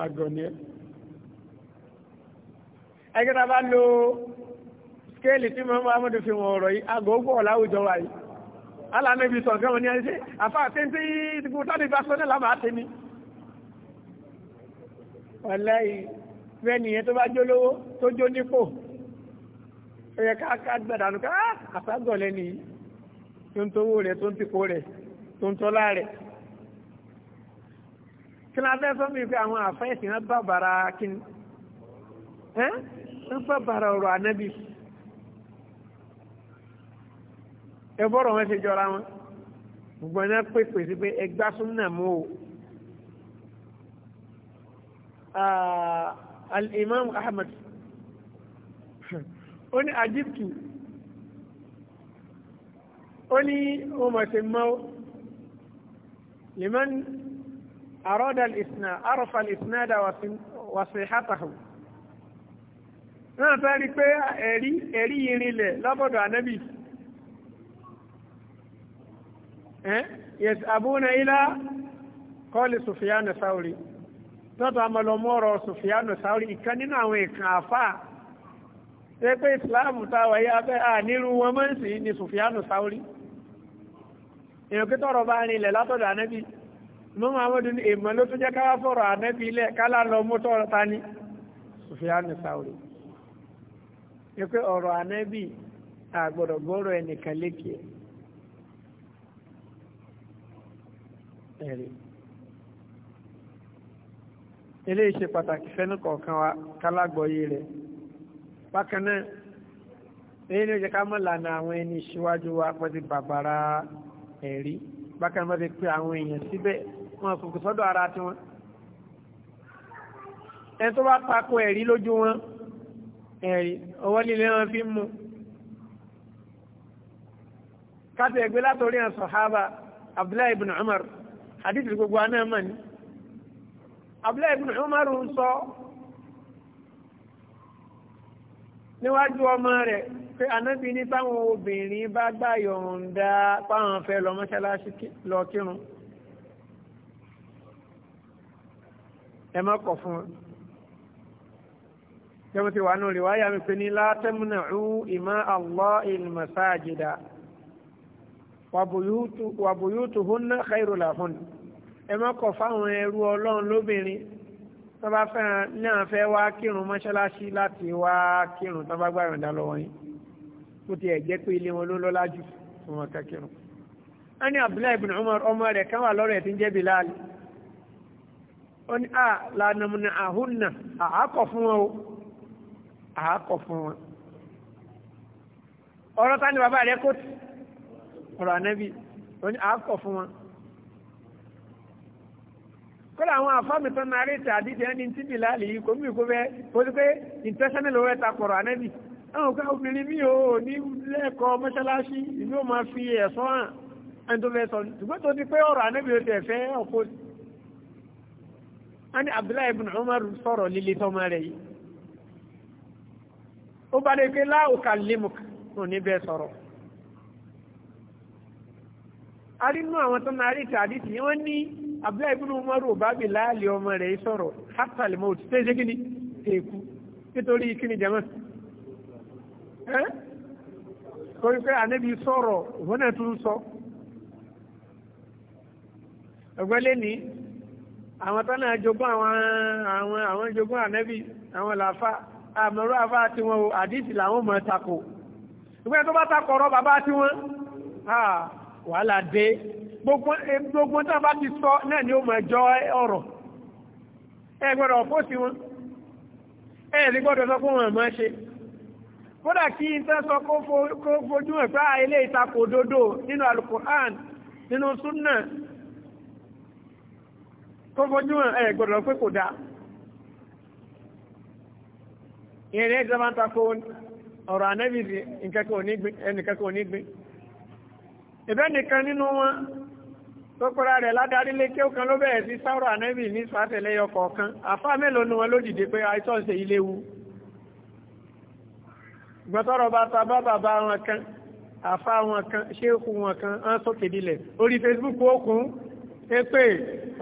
àgọ̀ ni ẹ́ ẹgbẹ́ ta bá lo skéèlì tí mo máa fi wọn ọ̀rọ̀ yìí àgọ́ ó gbọ́ láwùjọ wa alánẹ́bí sọ nǹkan ní ẹṣẹ́ àfá àtẹ́ntẹ́ ìdìbò tọ́dì bá sọ́dẹ̀ lábà á tẹ́mi ọ̀lẹ́ ìrẹ́nìyàn tó bá jólówó tó jó nípò ó yẹ ká gbẹ̀dànù ká àfágọ̀lẹ́ ni tó ń tówó rẹ̀ tó ń tìkó rẹ̀ tó ń tọ́lá rẹ̀ kí ni abẹ́ sọ́mi pé àwọn àfẹ́ ìsìn bàbàrà kí ni ń bàbàrà ọ̀rọ̀ ànẹ́bí ẹ bọ́rọ̀ wọn ṣe jọra wọn gbogbo ẹ̀ náà pèpè sí pé ẹ gbá súnà mú o. Ah, al-imam ahmed ó ní ajíptù ó ní ó mọ̀ sí mọ́ liman arada al-isnad arafa al-isnad wa sihhatahu náà tá rí pé ẹ̀rí ẹ̀rí yìí lọ́bọ̀dọ̀ ànábì. Eh? yẹsàbúnà ilá kọ́ọ̀lì sùfìyànù sáwùrì tọ́tọ̀ amọ̀lọ́mọ́rọ̀ sùfìyànù sáwùrì ìkan nínú àwọn ìkan àfà ṣe pé ìsìláàmù táwà yá fẹ́ à nírú wọn ni sùfìyànù Sauri. èèyàn kí tọrọ bá rin ilẹ̀ látọ̀dọ̀ ànẹ́bí mọ́ muhammadu ní èèmọ̀ ló tún jẹ́ káwá fọ̀rọ̀ ànẹ́bí ilẹ̀ kálá lọ mú tọrọ ta ni sùfìyànù sáwùrì ṣe ọ̀rọ̀ ànẹ́bí àgbọ̀dọ̀gbọ̀rọ̀ ẹnìkan lékè ẹ̀rí eléyìí ṣe pàtàkì fẹ́nu kọ̀ọ̀kan wa kálágbọ́yé rẹ̀ bákan náà èyí ni ó jẹ́ ká mọ̀ lànà àwọn ẹni ìṣíwájú wa pẹ̀lú bàbára ẹ̀rí bákan náà bẹ́ẹ̀ pé àwọn èèyàn síbẹ̀ wọn kò kò sọ́dọ̀ ara tiwọn ẹni tó bá tako ẹ̀rí lójú wọn ẹ̀rí ọwọ́ líle wọn fi ń mu káti ẹ̀gbẹ́ látòrí àwọn sàhábà Abdullahi ibn Umar àdìsí gbogbo aná mọ̀ ní Abdullahi ibn Umar ń sọ níwájú ọmọ rẹ̀ pé anábì ní báwọn obìnrin bá gbà yọ̀ǹda páwọn fẹ́ lọ mọ́ṣáláṣí lọ kírun ẹ má kọ̀ fún wọn jẹ́mọ̀tí wà nù rí wáyà mi pé ní látẹ́mùnà ìmọ̀ Allah il masajida wàbùyútù húnná khairu làhún ẹ má kọ̀ fáwọn ẹrú ọlọ́run lóbìnrin tó bá fẹ́ràn náà fẹ́ wá kírun mọ́ṣáláṣí láti wá kírun tó bá gbàrún dá lọ́wọ́ yín bó ti ẹ̀ jẹ́ pé ilé wọn ló lọ́lá jù fún wọn kẹ́kírun. a ní abdullahi ibn umar ọmọ rẹ̀ kan wà lọ́rọ̀ ẹ̀ tí ń jẹ́ bilal ó ní à lànàmùnà àhúnà àákọ̀ fún wọn o àákọ̀ fún wọn. ọ̀rọ̀ ta ni bàbá rẹ̀ kò ọ̀rọ̀ ànábì oní àákọ̀ fún wọn kọ́lá àwọn àfáàmì tó náà rí tàbí jẹ́ ní tíbi láàlì yìí kò mí kó bẹ́ ó ti pé intentional owó ẹ̀ta kọ̀rọ̀ ànábì àwọn ọ̀gá obìnrin mi ò ní lẹ́ẹ̀kọ́ mọ́ṣáláṣí ìlú máa fi ẹ̀sọ́ hàn ẹni tó fẹ́ ṣùgbọ́n tó ti pé ọ̀rọ̀ ànábì ó tẹ̀ fẹ́ ọ̀pọ̀ ani Abdullahi ibn Umar sọ̀rọ̀ líle tọ́mọ rẹ̀ yìí ó bá dé pé láòkà lémùk ò ní bẹ́ẹ̀ sọ̀rọ̀ arínú àwọn tó máa rí tàbí tí wọ́n ní abúlé ìbúrú mọ́rù bábí láàlì ọmọ rẹ̀ sọ̀rọ̀ hapsal mout tó ṣe kíni èkú nítorí kíni jama ẹ́ torí pé ànábi sọ̀rọ̀ òun náà tún sọ ọgbẹ́lẹ́ ní àwọn tó náà jogún àwọn àwọn àwọn jogún ànábi àwọn làáfà àmọ̀rọ̀ àfà tiwọn o àdìsí làwọn mọ̀ tako ìgbẹ́ tó bá takọ̀rọ̀ bàbá tiwọn wàhálà dé gbogbo eh, tó bá ti sọ náà ni ó mọ̀ ẹjọ́ ọ̀rọ̀ ẹ gbọ́dọ̀ ọ̀pọ̀ sí wọn ẹ ní gbọ́dọ̀ sọ pé wọn mọ̀ ṣe kódà kí n tẹ́ sọ kó fojú ẹ̀ pé ilé ìtakò òdodo nínú alukur'an nínú súnà kó fojú ah, ẹ̀ gbọ́dọ̀ pé kò dáa ìrìn ẹ̀jẹ̀ máa ń takò ọ̀rọ̀ ànẹ́bìsì ẹnìkẹ́kọ̀ọ́ nígbìn ìbẹ́ nìkan nínú wọn tó pẹ́ra rẹ̀ ládarí lé kí ó kan ló bẹ̀rẹ̀ sí sáwọ́rọ̀ ànẹ́bì ní sàtẹ̀lẹ́yọ kọ̀ọ̀kan àfá mélòó ni wọn ló dìde pé àìsàn ṣe ilé wu gbọ́tọ́rọ̀ bá ta bá bàbá wọn kan àfá wọn kan ṣéèkù wọn kan án sókè dilẹ̀ orí Facebook okùn pépè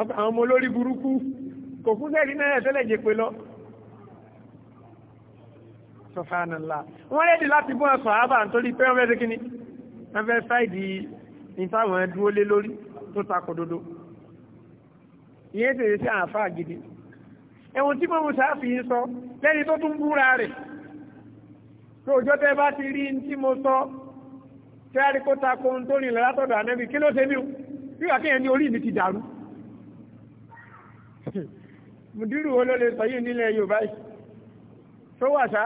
àwọn ọmọ olórí burúkú kò fún sẹ́ẹ̀rí náírà tẹ́lẹ̀ jẹ́ pé lọ Subhanallah wọ́n rẹ́dì láti bọ́ ẹ̀sọ̀ àbà nítorí pé wọ́n fẹ́ wọ́n fẹ́ sáìdì ní táwọn dúró lé lórí tó takò dodo ìyẹn tèrè sí àáfàá gidi ẹ̀wọ̀n tí mọ̀mú sáfì ń sọ lẹ́ni tó tún búra rẹ̀ tó òjò tẹ́ bá ti rí tí mo sọ tẹ́ àríkó takò ń tó rìn lọ látọ̀dọ̀ ànẹ́bì kí ló ṣe mí o bí wà kéèyàn ní orí mi ti dàrú mùdírù wo ló lè sọ yìí nílẹ̀ Yorùbá yìí tó wà sá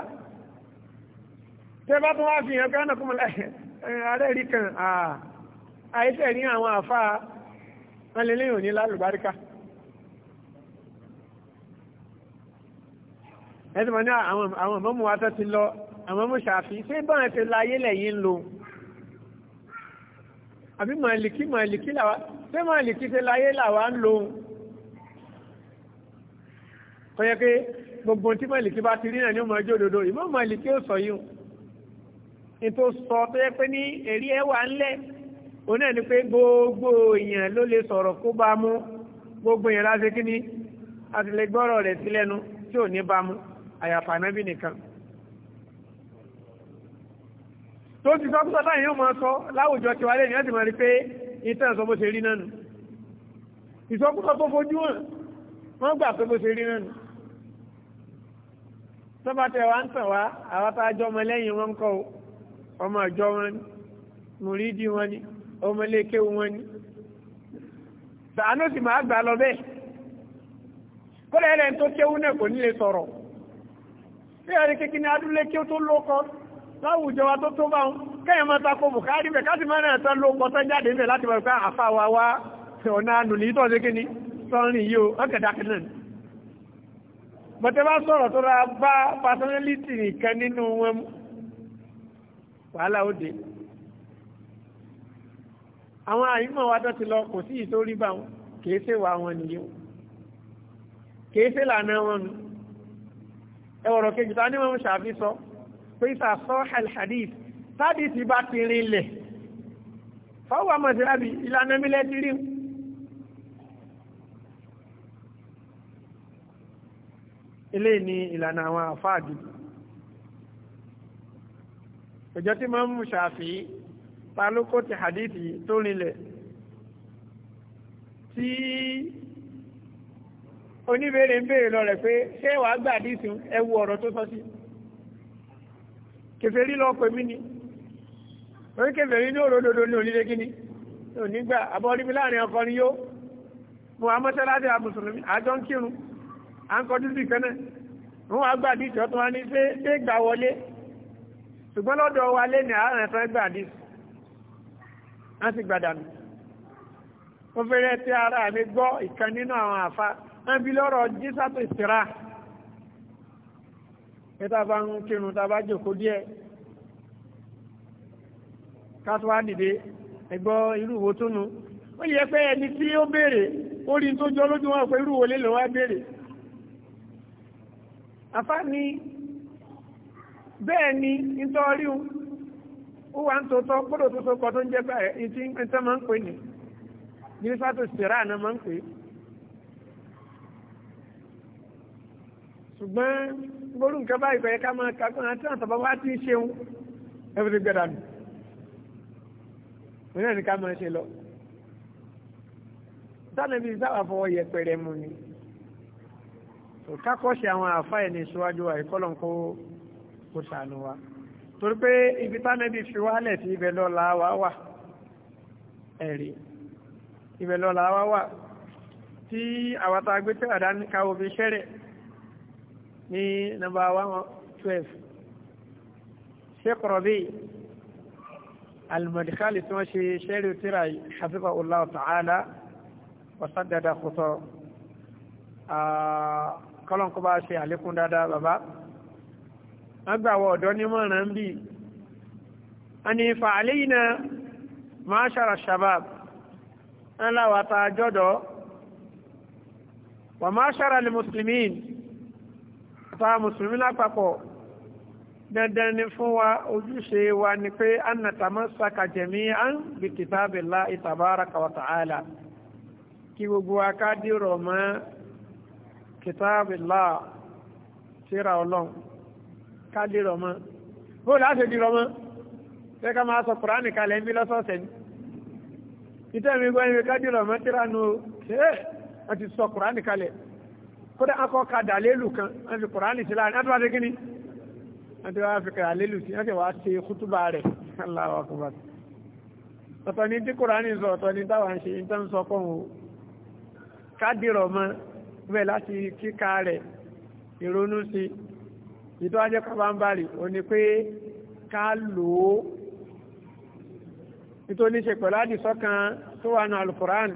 tẹ́ bá tún wá fi hàn kánà kúmọ̀lẹ́ arẹ́rí kan àìsẹ̀ ní àwọn àfá alẹ́lẹ́yìn ní lálùbáríkà ẹ̀sìn mọ́ ní àwọn mọ́mú wa tó ti lọ àwọn mọ́ ṣàfi ṣé bọ́n ti la ayé lẹ́yìn ń lo àbí màlìkí màlìkí làwa ṣé màlìkí ti la ayé làwa ń lo kọ́yẹ́ pé gbogbo tí màlìkí bá ti rí náà ní ọmọ ẹjọ́ òdodo ìmọ̀ màlìkí ó sọ yìí ètò sọ tó yẹ pé ní èrí ẹwà ńlẹ̀ òun náà ni pé gbogbo èèyàn ló lè sọ̀rọ̀ kó bá mú gbogbo èèyàn láti kí ni a ti lè gbọ́rọ̀ rẹ̀ sí lẹ́nu tí ò ní bá mú àyàfà nábì nìkan tó ti sọ púpọ̀ táyìn yóò máa sọ láwùjọ tí wà lè ní ọ́ máa rí pé ìtàn sọ wa ń tàn wá àwọn ọmọ àjọ wọn ni mùrídìí wọn ni ọmọléke wọn ni sàánú sì máa gbà lọ bẹ́ẹ̀ kọ́lá ẹ̀rẹ́ tó kéwú náà kò nílé sọ̀rọ̀ bí ẹ̀rí kékeré ní adúlé kí ó tó lókọ láwùjọ wa tó tó bá wọn kẹ́yìn máa ta kó bùkárí bẹ̀ káàsì máa náà tán lókọ tán jáde bẹ̀ láti wọ̀ pé àfa wa wá ọ̀nà ànùlí tó ṣe kíní sọ́rin yìí ó ọ̀kẹ́dàkẹ́ náà bọ̀tẹ́ bá sọ̀rọ̀ tó ra bá personality nìkan nínú wọn wàhálà ó dé àwọn àyímọ̀ wa tó ti lọ kò sí ìtorí bá wọn kìí ṣe wà wọn nìyí o kìí ṣe lànà wọn nù ẹwọ̀rọ̀ kejì tó ní wọn ṣàfi sọ pé ìsàsọ́ alhadith sádìsì bá ti rinlẹ̀ fọwọ́ àmọ̀sílábì ìlànà mílẹ̀ ti rí ilé ní ìlànà àwọn àfáà òjò tí máa ń mú ṣàfi ta ló kó ti hadithi tó rinlẹ̀ tí oníbèrè ń béèrè lọ rẹ̀ pé ṣé wàá gbà hadithi ẹ wo ọ̀rọ̀ tó sọ sí kèfèrí lọ pè mí ni orí kèfèrí ní òròdòdó ní onílé kíní onígbà abọ́ríbi láàrin ọkọ ni yóò mú amọ́sáládé àmùsùlùmí àjọ ń kírun à ń kọjú sí ìkẹ́nẹ̀ wọ́n wá gbà dìtì ọ̀tún wá ní ṣé gbà wọlé ṣùgbọ́n lọ́dọ̀ wa lé ní àárín ẹ̀fẹ́ gbàdí wọ́n ti gbàdánù ó fẹ́rẹ́ tí ara mi gbọ́ ìkan nínú àwọn àfa wọ́n bí lọ́rọ̀ jísàtò ìsìrá pẹ́ta bá ń kírun ta bá jòkó díẹ̀ kátó wá ẹgbọ́ irú wo túnu ó yẹ pé ẹni tí ó béèrè ó tó jọ lójú wọn pé irú wo lè lọ́wọ́ béèrè àfa ni bẹ́ẹ̀ ni nítorí ó wà ń tòótọ́ gbọ́dọ̀ tó sọkọ tó ń jẹ́ báyẹ̀ ìtí ìtàn máa ń pè ní nífàtò sèrà náà máa ń pè ṣùgbọ́n gbọ́dọ̀ nǹkan báyìí pẹ̀lú ká máa kàkọ́ àti àtàbà wá ti ń ṣeun ẹ̀fẹ́ gbẹ̀dà nù òun náà ni ká máa ṣe lọ sánàbí sábà fọwọ́ yẹpẹrẹ mu ni ò kákọ́ ṣe àwọn àfáà ẹni síwájú àìkọ́lọ̀ nǹkan kó ṣàánú wa torí pé ibi tánẹ́bí fi wálẹ̀ sí ibẹ̀ lọ́la wa wà ẹ̀rí ibẹ̀ lọ́la wa wà tí àwọn tá a gbé tí àdá ṣẹ́rẹ̀ ní nọ́mbà one twelve sheikh rabi almadkhali tí wọ́n ṣe ṣẹ́rẹ̀ tíra hafifa allah ta'ala wasadada kutọ kọlọ́nkọ́ bá ṣe àlékún dáadáa bàbá agbàwọ̀ ọ̀dọ́ nímọ̀ràn ń bí a ní fa àléyìnà máa ṣàrà shabab aláwàta jọ́dọ̀ wà máa ṣàrà lè mùsùlùmí ta mùsùlùmí lápapọ̀ dandan ni fún wa ojúṣe wa ni pé an na ta máa saka jẹ̀mí an bí kitabillahi tabaraka wa kí gbogbo akádìrọ̀ mọ́ kitabillahi tíra ọlọ́run ká dé rọmọ bó láti di rọmọ fẹ́ ká máa sọ kùránì kalẹ̀ ń bí lọ́sọ̀ọ̀sẹ̀ ni ìtẹ́ mi gbọ́ ẹni ká dé rọmọ tíra nu ṣe wọ́n ti sọ kùránì kalẹ̀ kódà akọ ka dàlélù kan wọ́n fi kùránì sí láàrin láti wá sí kíni wọ́n ti wá fi kà dàlélù sí wọ́n ti wá ṣe kútúbà rẹ̀ Allahu akbar ọ̀tọ̀ ni tí kùránì sọ ọ̀tọ̀ ni táwa ń ṣe ń tán sọ pọ̀ wọn sí i ìtọ́ ajẹ́ kọ́bánbárì o ni pé ká lò ó nítorí ṣe pẹ̀lú àdìsọ́kan tó wà náà alukoran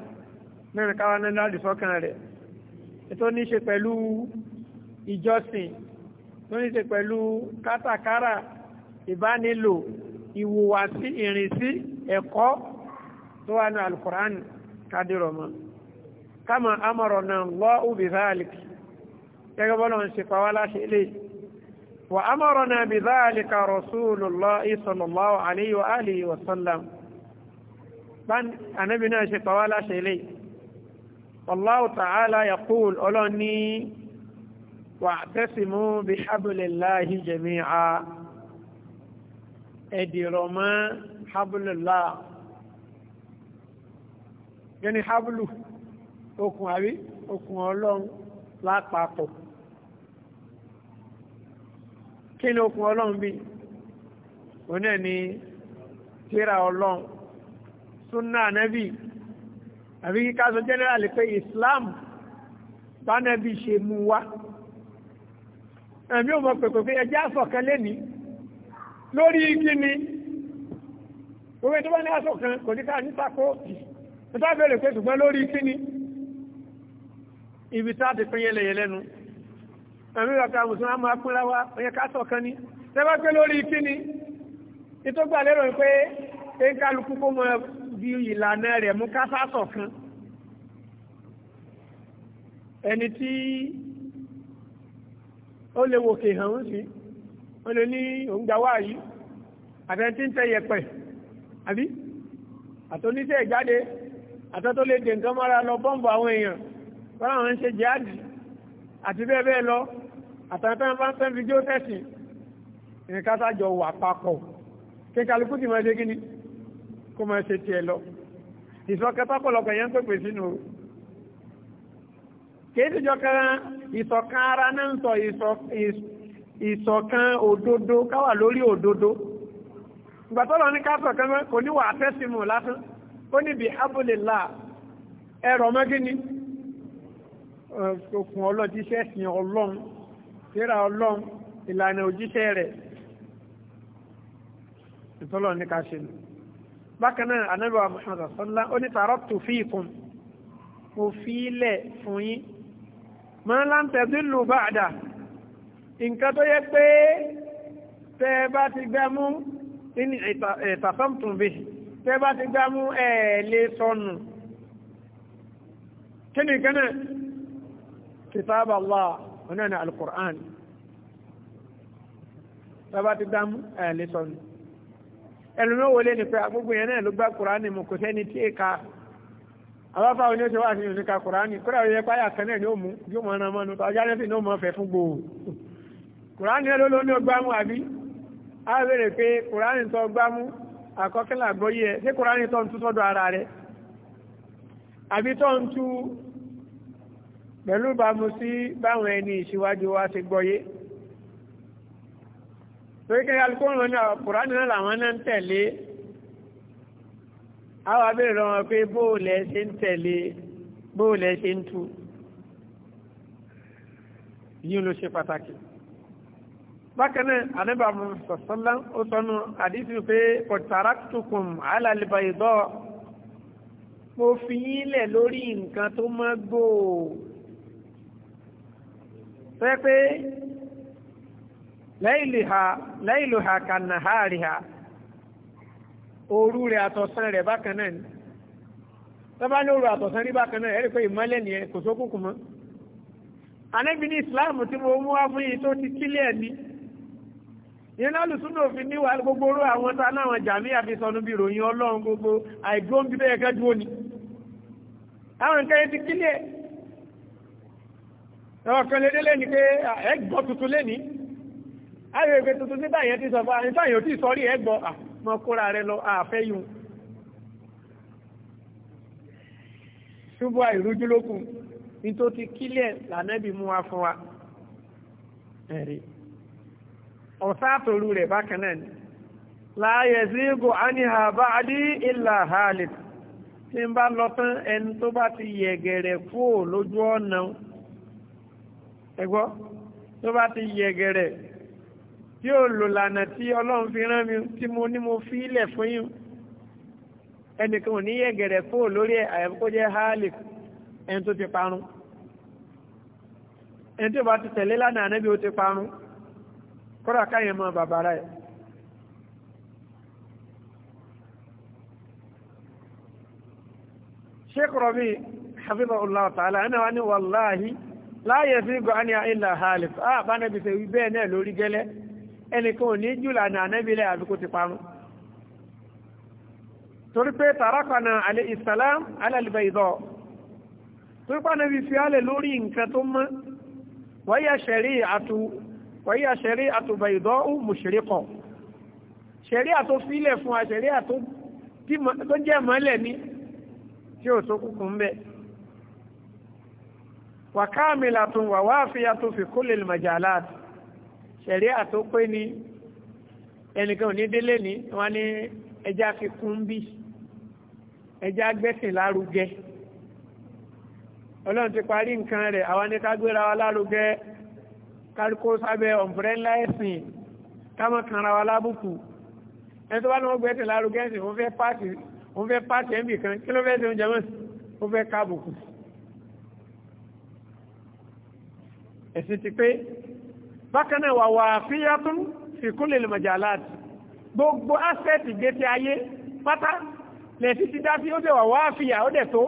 mẹ́rin káwà náà àdìsọ́kan rẹ̀ ètò ní ṣe pẹ̀lú ìjọsìn tó ní ṣe pẹ̀lú kátàkárà ìbánilò ìwùwàsí ìrìnsí ẹ̀kọ́ tó wà náà alukoran kádìrọ̀mọ́ kama amọ̀rọ̀ náà lọ́ọ́ ubì záàlì gẹ́gẹ́ bọ́lọ̀ ń ṣe pàwọ́ láṣẹ eléyìí وأمرنا بذلك رسول الله صلى الله عليه وآله وسلم بان أنا بنا شطوالا شيلي والله تعالى يقول أولوني واعتصموا بحبل الله جميعا ادرما حبل الله يعني حبله okùn àrí okùn ọlọ́run lápapọ̀ kí ni okùn ọlọ́run bí òun náà ni tíra ọlọ́run súnà ànábì àbí kíká sọ jẹ́nẹ́rálì pé Islam bánẹ́bí ṣe mú wá ẹ̀mí ò mọ̀ pẹ̀pẹ̀ pé ẹjẹ́ àsọ̀kan lẹ́ni lórí igi ni owó tó bá ní àsọ̀kan kò ní ká ní tako ìtàbẹ̀rẹ̀ pé ṣùgbọ́n lórí igi ni ibi tá a ti pín yẹlẹyẹlẹ́nu àmì ìrọ̀ta mùsùlùmí máa pínra wa ọ̀yẹ́ ká sọ̀kan ni lẹ́bàá pé lórí kíni ìtọ́gbà lérò pé ẹ̀ńkálukú kó mọ bí ìlànà rẹ̀ mú ká sọ̀kan ẹni tí ó lè wòkè hàn ń sí ó lè ní òun gbà wá yìí àtẹ̀ntí ń tẹ yẹpẹ̀ àbí àtọ́níṣẹ́ ìjáde àtọ́tọ́ lè dè nǹkan mọ́ra lọ bọ́ǹbù àwọn èèyàn wọ́n ń ṣe jihadi àti bẹ́ẹ̀ bẹ́ẹ̀ lọ àtàtà bá ń sẹ́ndì jó tẹ́sì ìrìnkátàjọ wà papọ̀ kíkàlùkù ti máa ṣe kí ni kó máa ṣe tiẹ̀ lọ ìsọkẹta pọ̀lọpọ̀ yẹn ń pèpè sínú o kéèdìjọ kára ìṣọ̀kan ara náà ń sọ ìṣọ̀kan òdodo káwà lórí òdodo ìgbàtọ́lọ̀ ní káàtọ̀ kan kò ní wà tẹ́sìmù lásán ó níbi abúlélà ẹ̀rọ mọ́gíní okùn ọlọ́jíṣẹ́ ẹ̀sìn ọlọ́run síra ọlọ́run ìlànà òjíṣẹ́ rẹ̀ ìtọ́lọ̀ ní ká ṣe nù bákan náà ànábì wa Muhammad sọ́lá ó ní taraktu fiikum mo fi ilẹ̀ fún yín máa lá ń tẹ̀sílù ba'da nǹkan tó yẹ pé tẹ́ ẹ bá ti gbá mú ní ìtàsọ́mùtún bíi tẹ́ bá ti gbá mú ẹ̀ lè sọnù kí nìkan náà kitab Allah. wọn náà ní alukur'an tọ́ba ti dámú ẹ̀ lè sọnù ẹlòmí wo lé nípa gbogbo yẹn náà ló gbá kur'an mu kò sẹ́ni tí èka àwọn afáwọn ní oṣù wà sí ìrìnkà kur'an kúrò àwọn yẹn páyà kan náà ni ó mú yóò mọ ọ̀nà mọ́nu ọjà lẹ́sìn ní ó mọ ọ̀fẹ́ fún gbòò kur'an yẹn ló ló ní ọgbà mú àbí á béèrè pé pẹ̀lú bámu sí báwọn ẹni ìṣíwájú wa ti gbọ́yé torí kí alukóhùn ní Kùránì náà làwọn náà ń tẹ̀lé àwọn abẹ́rẹ́ wọn pé bóòlẹ̀ ṣe ń tẹ̀lé bóòlẹ̀ ṣe ń tú yíò ló ṣe pàtàkì bákan náà anábà sọ̀sọ́lá ó sọnù àdísù pé ọ̀tàràtùkùn alàlìbàyìdọ́ mo fi yín lẹ̀ lórí nǹkan tó mọ́ gbòó tó pé pé layluha kanahariha òru rẹ̀ àtọ̀sán rẹ̀ bákan náà ni tó bá ní òru àtọ̀sán rí bákan náà ẹ̀rí pé ìmọ́lẹ̀ nìyẹn kò sókùnkùn mọ́ ànábì ní ìsìláàmù tí mo mú wá fún yìí tó ti kílẹ̀ ni ní náà lùsùn náà fi níwà gbogbo oró àwọn tá náà jàmí àfisọ̀nù bí ròyìn ọlọ́run gbogbo ni àwọn nǹkan yẹn ẹwà kan lédé lẹ́ni pé ẹgbọ́ tuntun lẹ́ni ayò ìgbé tuntun sí báyẹn ti sọ fún àyíká yóò tí sọrí ẹgbọ́ àmọ́ kóra rẹ lọ àfẹ́ yùn ṣubú àìrújú lókun ní tó ti kílẹ̀ lànẹ́bí mú wa fún wa ẹ̀rí ọ̀sá rẹ̀ bákan náà ni sí ẹgbọ́ tó bá ti yẹ̀gẹ̀rẹ̀ tí ó lò lànà tí ọlọ́run fi rán mi tí mo ní mo fi ilẹ̀ fún yín ẹnìkan ò ní yẹ̀gẹ̀rẹ̀ fóò lórí ẹ̀ àyàfi kó jẹ́ hálì ẹni tó ti parun ẹni tó bá ti tẹ̀lé lánàá níbi ó ti parun kọ́ra káyẹ̀ mọ́ bàbára ẹ̀ Sheikh Rabi hafizahullah ta'ala ana wani wallahi láàyè sí gọ́ọ̀nì ilẹ̀ halif àbá ah, nẹ́bi ṣe wí bẹ́ẹ̀ náà lórí gẹ́lẹ́ ẹnìkan ò ní jùlá ní ànẹ́bílẹ̀ àbí kò ti parun torí pé tàràkànà alẹ́ ìsàlám alẹ́lẹ́bẹ̀ ìdọ́ torí pé ànẹ́bi fi alẹ́ lórí nǹkan tó mọ́ wáyà ṣẹ̀rí àtú wáyà ṣẹ̀rí àtúbẹ̀ ìdọ́ mùṣírìkọ̀ ṣẹ̀rí àtó fílẹ̀ wàkáàmìlàtún wà wáfíà tó fi kó lè majalat ṣẹ̀rí àtópé ni ẹnìkan ò ní délé ní wọ́n ní ẹjá fi kún bí ẹjá gbẹ́sìn lárugẹ ọlọ́run ti parí nǹkan rẹ̀ àwọn ní ká gbéra wa lárugẹ kárikó sábẹ́ ọ̀mbrẹ́lá ẹ̀sìn kámọ́ kanra wa lábùkù ẹni tó bá ní wọ́n gbẹ́sìn lárugẹ ẹ̀sìn wọ́n fẹ́ pàṣẹ ẹ̀mì kan kí ló fẹ́ ṣe oúnjẹ mọ́ wọ́n fẹ́ kábùkù sí ẹ̀sìn ti pé bákan náà wà wà fíyàtún fi kúlẹ̀ lè mọ̀jàláàt gbogbo aspẹ́ẹ̀tì gbé ti ayé pátá lẹ́sí ti dá sí ó dẹ̀ wà wá fìyà ó dẹ̀ tó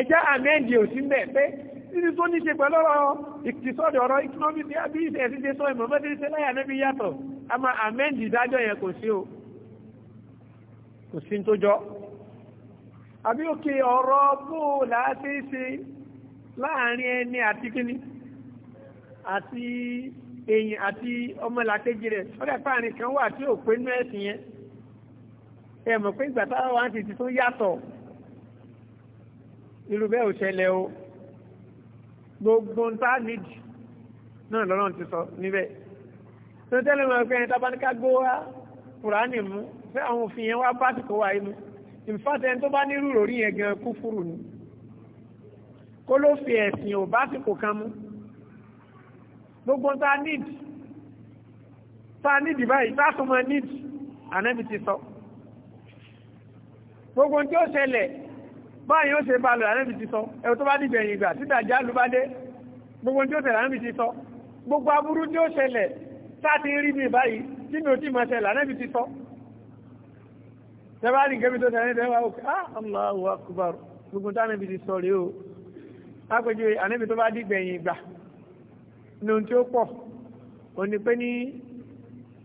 ẹjá àmẹ́ndì ò sí mẹ́ pé títí tó ní ṣe pẹ̀lú ọ̀rọ̀ ìtìsọ́dọ̀ ọ̀rọ̀ economic bí ìṣẹ́ ti ṣe sọ ìmọ̀mọ́dé ṣe láyà níbi yàtọ̀ a máa àmẹ́ndì ìdájọ́ yẹn kò sí o kò sí tó jọ àbí òkè ọ̀rọ̀ bó láti ṣe láàrin ẹni àti kíní àti èyìn àti ọmọlàkejì rẹ̀ ọdẹ páàrin kan wà tí ò pé nú ẹ̀sìn yẹn ẹ pé ìgbà táwọn wá ń tó yàtọ̀ irú bẹ́ẹ̀ ò o gbogbo ń tá nídìí náà lọ́rọ̀ ti sọ níbẹ̀ tó tẹ́lẹ̀ mọ̀ pé ẹni tábánikà gbó wá kùránì mú fẹ́ àwọn òfin yẹn wá bá ti kó wáyé mu ìfàtẹ́ tó bá nírú òrí yẹn gan kúfúrú ni kó ló fi ẹ̀sìn ò bá sì kò kan mú gbogbo tá a need tá a need báyìí tá a tún máa need ànábì ti sọ gbogbo tí ó ṣẹlẹ̀ báyìí ó ṣe bá lọ ànábì ti sọ ẹ̀rọ tó bá dìbẹ̀ yìí gbà títà já ló bá dé gbogbo tí ó ṣẹlẹ̀ ànábì ti sọ gbogbo aburú tí ó ṣẹlẹ̀ tá ti rí mi báyìí tí mi ò tí mọ̀ ṣẹlẹ̀ ànábì ti sọ tẹ́bá rí nǹkan tó ṣẹlẹ̀ tẹ́bá ó kí ah Allahu akbar gbogbo tí ànábì ti sọ rèé o lápẹjú ànábì tó bá dìgbẹ̀yìn ìgbà ní ohun tí ó pọ̀ ò ní pé ní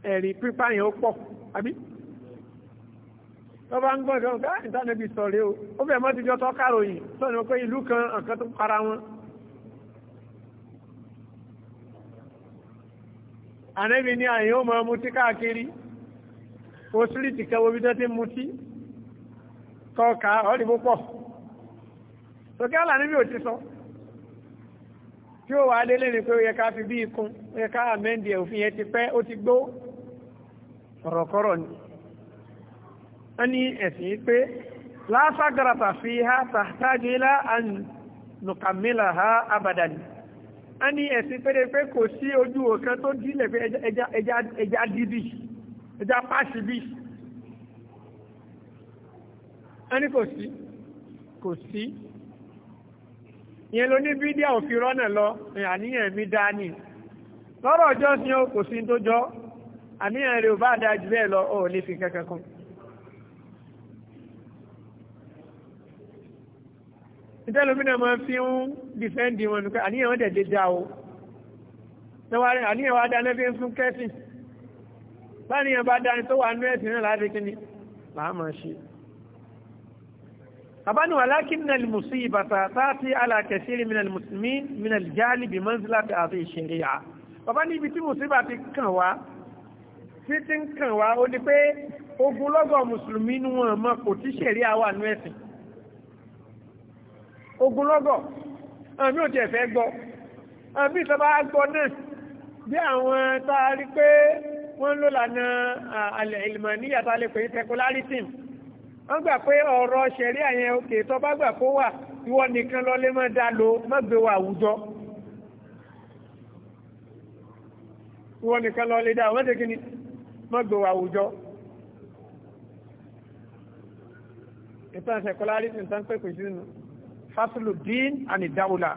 ẹ̀rí pípáyìn ó pọ̀ àbí tó bá ń gbọ́n ìdánwò ká sọ̀rẹ́ o ó bẹ̀ mọ́ ti jọ tọ́ káròyìn tó ní pé ìlú kan ọ̀kan tó para wọn ànábì ní àyè ó mọ mutí káàkiri ó sílìtì kẹwọ́ bí tó mutí kọ́ ká pọ̀ sókè àlà níbi ò ti sọ tí ó wà délé ni pé ó yẹ ká fi bí ikun ó yẹ ká àmẹ́ndì ẹ̀ òfin yẹn ti pẹ́ ó ti gbó ọ̀rọ̀kọ́rọ̀ ni wọ́n ní ẹ̀sìn pé láfàgàràtà fi ha tàtàjì ilá ànùkàmílà ha abadan wọ́n ní ẹ̀sìn pé pé kò sí ojú ọ̀kan tó dílẹ̀ pé ẹja dìbì ẹja pàṣì bì wọ́n ní kò sí kò sí ìyẹn ló ní bídíà òfin rọ́nà lọ àníyàn mi dá ní lọ́rọ̀ ọjọ́ sí ó kò sí tó jọ àníyàn rẹ̀ ò bá dáa jù bẹ́ẹ̀ lọ ò ní fi kankan kan ìtẹ́lómìnà máa fi ń dìfẹ́ǹdì wọn nùkọ́ àníyàn wọn dẹ̀dẹ̀ já o àníyàn wa dáná fi ń fún kẹ́sìn báníyàn bá dáni tó wà nú ẹ̀sìn náà láti kíni làá máa ṣe bàbá ni wàlákì min al-musiba tààtì ala kathiri min al-muslimin min al-jali bi manzilati àti sharia bàbá ní ibi tí mùsíbà ti kàn wá tí ti ń kàn wá ó ní pé ogun lọ́gọ̀ mùsùlùmí ni wọ́n mọ̀ kò tí sharia wà nú ẹ̀sìn ogun lọ́gọ̀ àmì ò tiẹ̀ fẹ́ gbọ́ àmì ìtọ́ba gbọ́ náà bí àwọn tá a rí pé wọ́n lò lànà al-ilmaniyya tá a lè pè é secularism wọ́n gbà pé ọ̀rọ̀ ṣẹ̀rí àyẹn òkè tó bá gbà kó wà ìwọ nìkan lọ mọ́ dá lo má gbé wa àwùjọ ìwọ nìkan lọ lé wa àwùjọ ìtàn sẹ̀kọ́lárí tí nǹkan pẹ̀kù sí nù fásilù dín àní dáwùlà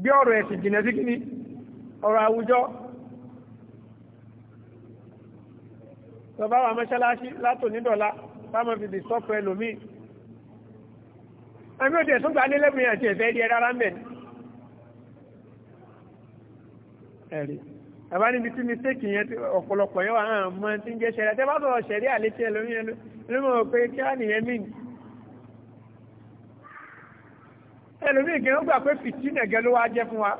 gbé ọ̀rọ̀ ẹ̀sìn jìnà sí kíní ọ̀rọ̀ àwùjọ tó wà mọ́ṣáláṣí látò nídọ̀lá sáàmù fi dì sọ́pọ̀ ẹlòmí ẹ̀mí ò tẹ̀ sọ́gbà alẹ́lẹ́bìnrin àti ẹ̀fẹ́ ẹ̀dí ẹ̀rá mẹ́ ẹ̀rí ẹ̀bá níbi tí mistake yẹn ọ̀pọ̀lọpọ̀ yẹn wà hàn mọ́ tí ń jẹ́ ṣẹ̀rí àti ẹ̀bá sọ̀rọ̀ ṣẹ̀rí àlétí ẹlòmí ẹlòmí pé kí á nìyẹn mí ẹlòmí ìgbẹ́ ó gbà pé fìtínà gẹ́ ló wá jẹ́ fún wa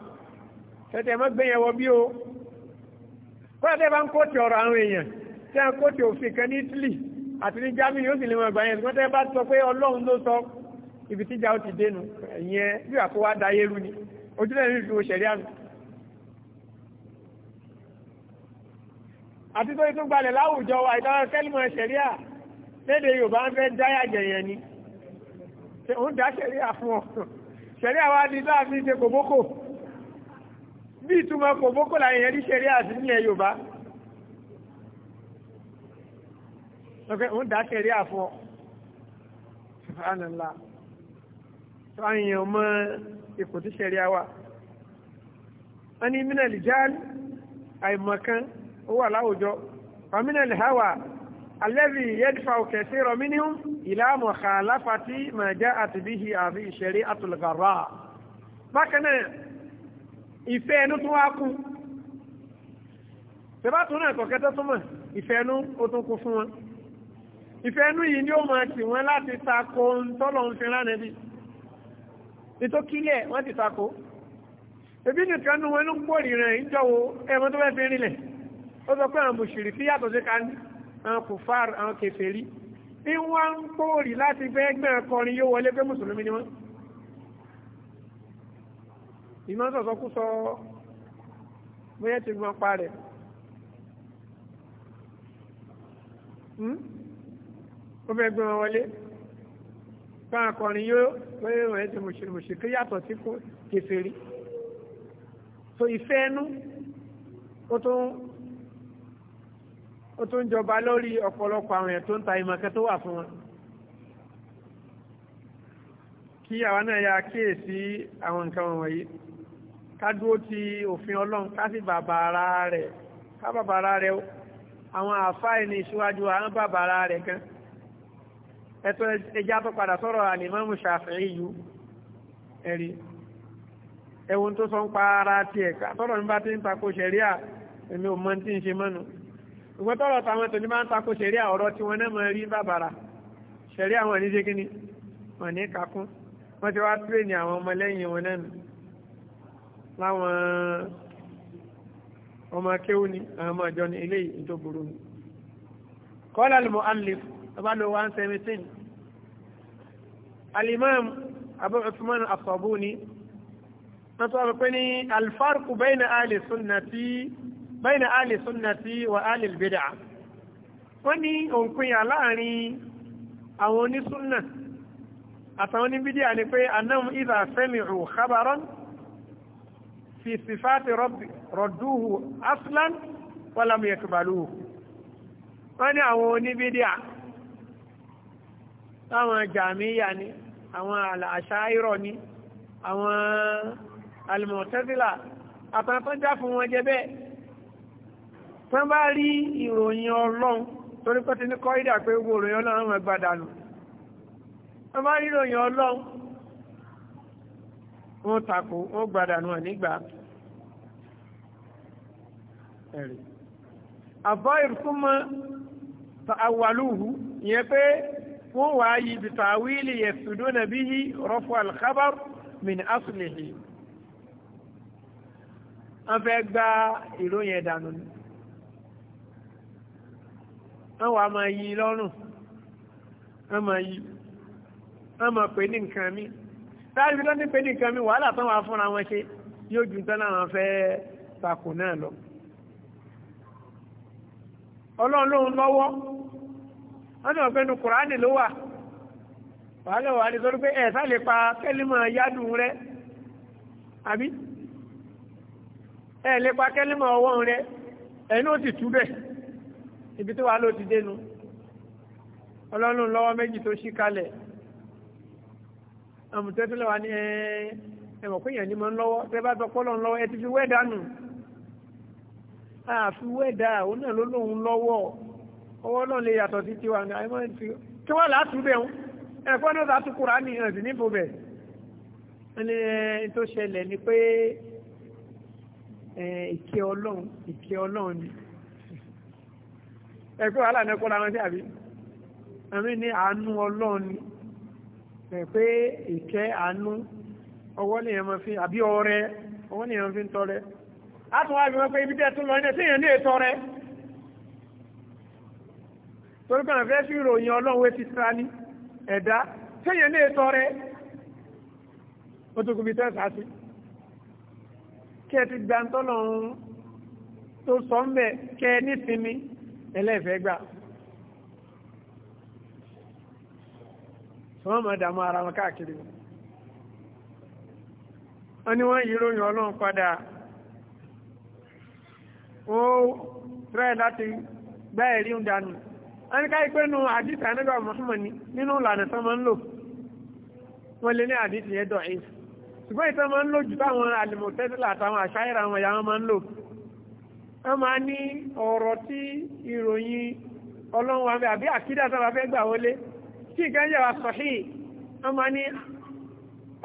tẹ̀tẹ̀ mọ́ gbé yẹn wọ bí o àti ní germany ó sì lè mọ ẹgbà yẹn ṣùgbọ́n tẹ́ bá sọ pé ọlọ́run ló sọ ibi tíjà ó ti dénú ìyẹn bí àkówá dayé rú ni ojúlẹ̀ ní ìlú òṣèré àmì àti tó tún gbalẹ̀ láwùjọ wa ìdáwọn kẹ́lìmọ̀ ṣẹ̀ríà léde Yorùbá ń fẹ́ dáyà jẹ̀yẹ̀ ni ó ń dá ṣẹ̀ríà fún ọ ṣẹ̀ríà wá ní láàfin ṣe kòbókò bí ìtumọ̀ kòbókò láyẹ̀yẹ̀ ní ṣẹ̀ríà sí nílẹ̀ Yorùbá lọ́pẹ́ òun dá sẹ̀rí àfọ́ ṣùfàánàlá tó àyàn mọ́ ipò tí sẹ̀rí àwà wọ́n ní mínàlì jáàlì àìmọ̀kan ó wà láwùjọ wọ́n mínàlì háwà alẹ́bí yẹ́dìfà òkè sí rọmínú ìlàmù kàlàfà tí mà jẹ́ àtìbíhì àfi ìṣẹ̀rí àtùlùgàrà bákan náà ìfẹ́ ẹnu tó wá kú tẹ́bá tó náà kọ̀kẹ́tẹ́ tó mọ̀ ìfẹ́ ẹnu ó tún kú fún wọn ìfẹ́nú yìí ni ó máa tì wọ́n láti tako tọ́lọ̀ ń fi ránà bí nító kílẹ̀ wọ́n ti tako ebi nìkan nu wọn ló ń gbòrì rẹ̀ ìjọwọ́ ẹmọ tó fẹ́ fi rinlẹ̀ ó sọ pé àwọn mùsùlùmí fi yàtọ̀ sí kan àwọn kùfàr àwọn kèfèrí ní wọ́n ń gbòrì láti fẹ́ gbẹ̀ kọrin yóò wọlé pé mùsùlùmí ni wọ́n ó fẹ́ gbé wọn wọlé fún akọrin yóò pé wọ́n ti mùsùlùmùsù kí yàtọ̀ sí kò kèfèrí so ìfẹ́ ẹnu ó tún ó tún jọba lórí ọ̀pọ̀lọpọ̀ àwọn èèyàn tó ń ta ìmọ̀kẹ́ tó wà fún wọn kí àwa náà ya kíyèsí àwọn nǹkan wọ̀nyí ká dúró ti òfin ọlọ́run ká sì bàbá ara rẹ̀ ká bàbá ara rẹ̀ àwọn àfáà ẹni ìṣíwájú àwọn bàbá ara rẹ̀ gan-an ẹ̀tọ́ ẹjá tó padà sọ́rọ̀ àlìmọ́mù ṣàfihì yú ẹ̀rí ẹ̀wọ̀n tó sọ ń pa ara ti ẹ̀ka tọ́rọ̀ nípa tí ń tako ṣẹ̀ríà èmi ò mọ tí ń ṣe mọ́nu ìgbẹ́ tọ́rọ̀ táwọn tó ní bá ń tako ṣẹ̀ríà ọ̀rọ̀ tí wọ́n náà mọ rí bàbàrà ṣẹ̀ríà wọn ní ṣe kíni wọn ní kakún wọ́n ti wá tírèèni àwọn ọmọlẹ́yìn wọn náà láwọn ọmọ kéwú ni àwọn ọmọ ìjọ ni eléyìí tó burú ni kọ́lá lè mọ alif ọba lo one seventeen alimam abu usman asabuni wọ́n tún wọ́n pè ní alfarku bayna ali sunnati bayna ali sunnati wa ali bid'a wọ́n ní òǹkùnyà láàrin àwọn onísúnnà àtàwọn oníbídíà ni pé anam idha sami'u khabaran fi sifati rabbi radduhu aslan wa lam yakbaluhu wọ́n ní àwọn oníbídíà táwọn jàmíyà ni àwọn àṣáírọ̀ ni àwọn alìmọ̀tẹ́sílà àpapọ̀ já fún wọn jẹ bẹ́ẹ̀ tán bá rí ìròyìn ọlọ́run torí pé ti ní kọ́ ìdà pé gbogbo ìròyìn ọlọ́run wọn gbà dànù wọ́n bá rí ìròyìn ọlọ́run wọ́n takò wọ́n gbà dànù nígbà ẹ̀rì àbọ̀ ìrùkúmọ́ àwàlúhù ìyẹn pé wọ́n wá yí bí tàwílì yẹ sùdó na bí yí rọ́fù alkhabar min asùlìhì wọ́n fẹ́ gba ìròyìn ẹ̀dànù ni wọ́n wá máa yí lọ́rùn wọ́n máa yí wọ́n máa pè ní nǹkan mi láti fi lọ́ní pé ní nǹkan mi wàhálà tán wà fúnra wọn ṣe yóò ju tán láwọn fẹ́ takò náà lọ ọlọ́run lọ́wọ́ wọ́n ní ọ̀pẹ́nu kùránì ló wà wàhálà wà ní sọ́rí pé ẹ̀sà lè pa kẹ́límọ̀ yádùn rẹ àbí ẹ̀ lè pa kẹ́límọ̀ ọwọ́ rẹ ẹ̀yìn ó sì túbẹ̀ ibi tó wà ló ti dénú ọlọ́run lọ́wọ́ méjì tó ṣí kalẹ̀ àmùtẹ́tẹ́lẹ̀ wà ní ẹ ọwọ́ náà lè yàtọ̀ sí tiwa ní àìmọ́ ti kí wọ́n láti bẹ̀ ń ẹ̀kọ́ náà láti kúrò ní ẹ̀sìn níbo bẹ̀ ẹni tó ṣẹlẹ̀ ni pé ìkẹ́ ọlọ́run ìkẹ́ ọlọ́run ni ẹ̀kọ́ wàhálà ní ẹ̀kọ́ láwọn sí àbí àmì ní àánú ọlọ́run ni pé ìkẹ́ àánú ọwọ́ nìyẹn máa fi àbí ọrẹ ọwọ́ nìyẹn fi torí pé àfẹ́ fi ìròyìn ọlọ́run wé ti tra ní ẹ̀dá téèyàn lè tọrẹ ó tó kúbi tẹ́sà sí kí ẹ ti gba ntọ́lọ́run tó sọ ń bẹ̀ kẹ́ ẹ nísinmi ẹlẹ́fẹ̀ẹ́ gbà wọ́n ara wọn káàkiri wọ́n ni wọ́n yí ròyìn ọlọ́run padà ó rẹ̀ láti gbá ẹ̀rí ń dànù wọ́n ní ká ipé nu àdìsí anábà Muhammad ni nínú ìlànà tó máa ń lò wọ́n lé ní àdìsí yẹn dọ̀ ẹ́ ṣùgbọ́n ìtọ́ máa ń lò jù táwọn alìmọ̀tẹ́sílà àtàwọn àṣáyẹ̀rẹ̀ àwọn ìyá wọn máa ń lò wọ́n máa ní ọ̀rọ̀ tí ìròyìn ọlọ́run wa àbí àkídà tó bá fẹ́ gbà wọlé tí ìkan yẹ̀ wá sọ̀hí wọ́n máa ní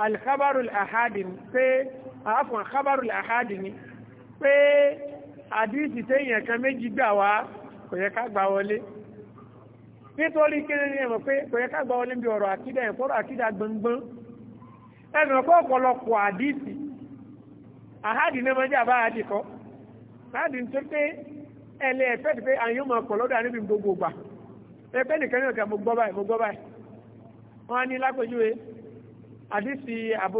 alìkábàrùl àhádì ni pé àáfọ̀n àkábàrùl àhádì ni méjì gbà wá kò yẹ ká gbà wọlé nítorí kéré ní ẹ̀mọ̀ pé kò yẹ ká gba ọlé bí ọ̀rọ̀ àkídà ẹ̀ fọ́rọ̀ àkídà gbọngbọ́n ẹ̀mọ̀ pé ọ̀pọ̀lọpọ̀ àdìsí àhádì náà máa jẹ́ àbá àdì kọ́ láti ń tó pé ẹlẹ́ ẹ̀fẹ́ ti pé àyùn máa lọ́dọ̀ níbi gbogbo Abu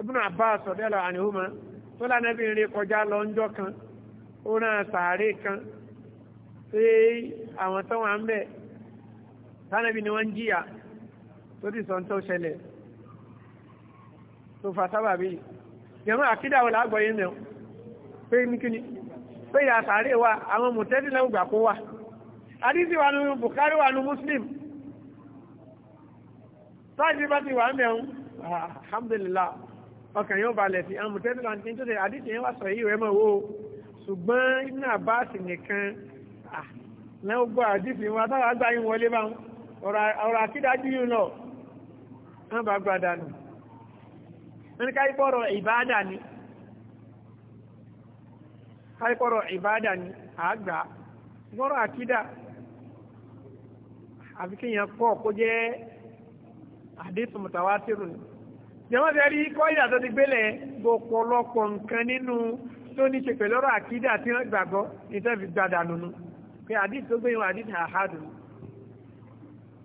Ibn Abbas ọ̀dẹ́lọ àníhùmá tó lánàbìnrin kọjá lọ́njọ́ kan ó náà sàárè kan pé àwọn tó wà ń bẹ́ẹ̀ tánàbí ni wọ́n jíyà tó ti sọ tó ṣẹlẹ̀ tó fa sábàbí jẹ́mọ́ àkídàwò lágbọ̀yé mẹ́ pé níkíní pé ìyà sàárè wa àwọn mùtẹ́dínlẹ́wò gbà kó wà àdísì wà nínú Bukhari wà nínú Muslim sáàjì bá ti wà mẹ́un alhamdulillah ọkàn yóò balẹ̀ sí àwọn mùtẹ́dínlẹ́wò àti tó ṣe àdísì yẹn wà sọ yìí rẹ̀ mọ̀ wó ṣùgbọ́n Ibn Abbas nìkan lẹ́wọ́ gbọ́ àdísì wọn atára gbá yín wọlé báwọn ọ̀rọ̀ àkídájú yìí lọ wọ́n bá gbádà nù ní ni káyípọ̀rọ̀ ìbáadà ni àgbà gbọ́rọ̀ àkídà àfi kí pọ̀ kó jẹ́ àdéhùn mùtàwátìrù ni jẹ́wọ́n fẹ́ rí ti gbọ́pọ̀lọpọ̀ nǹkan nínú tó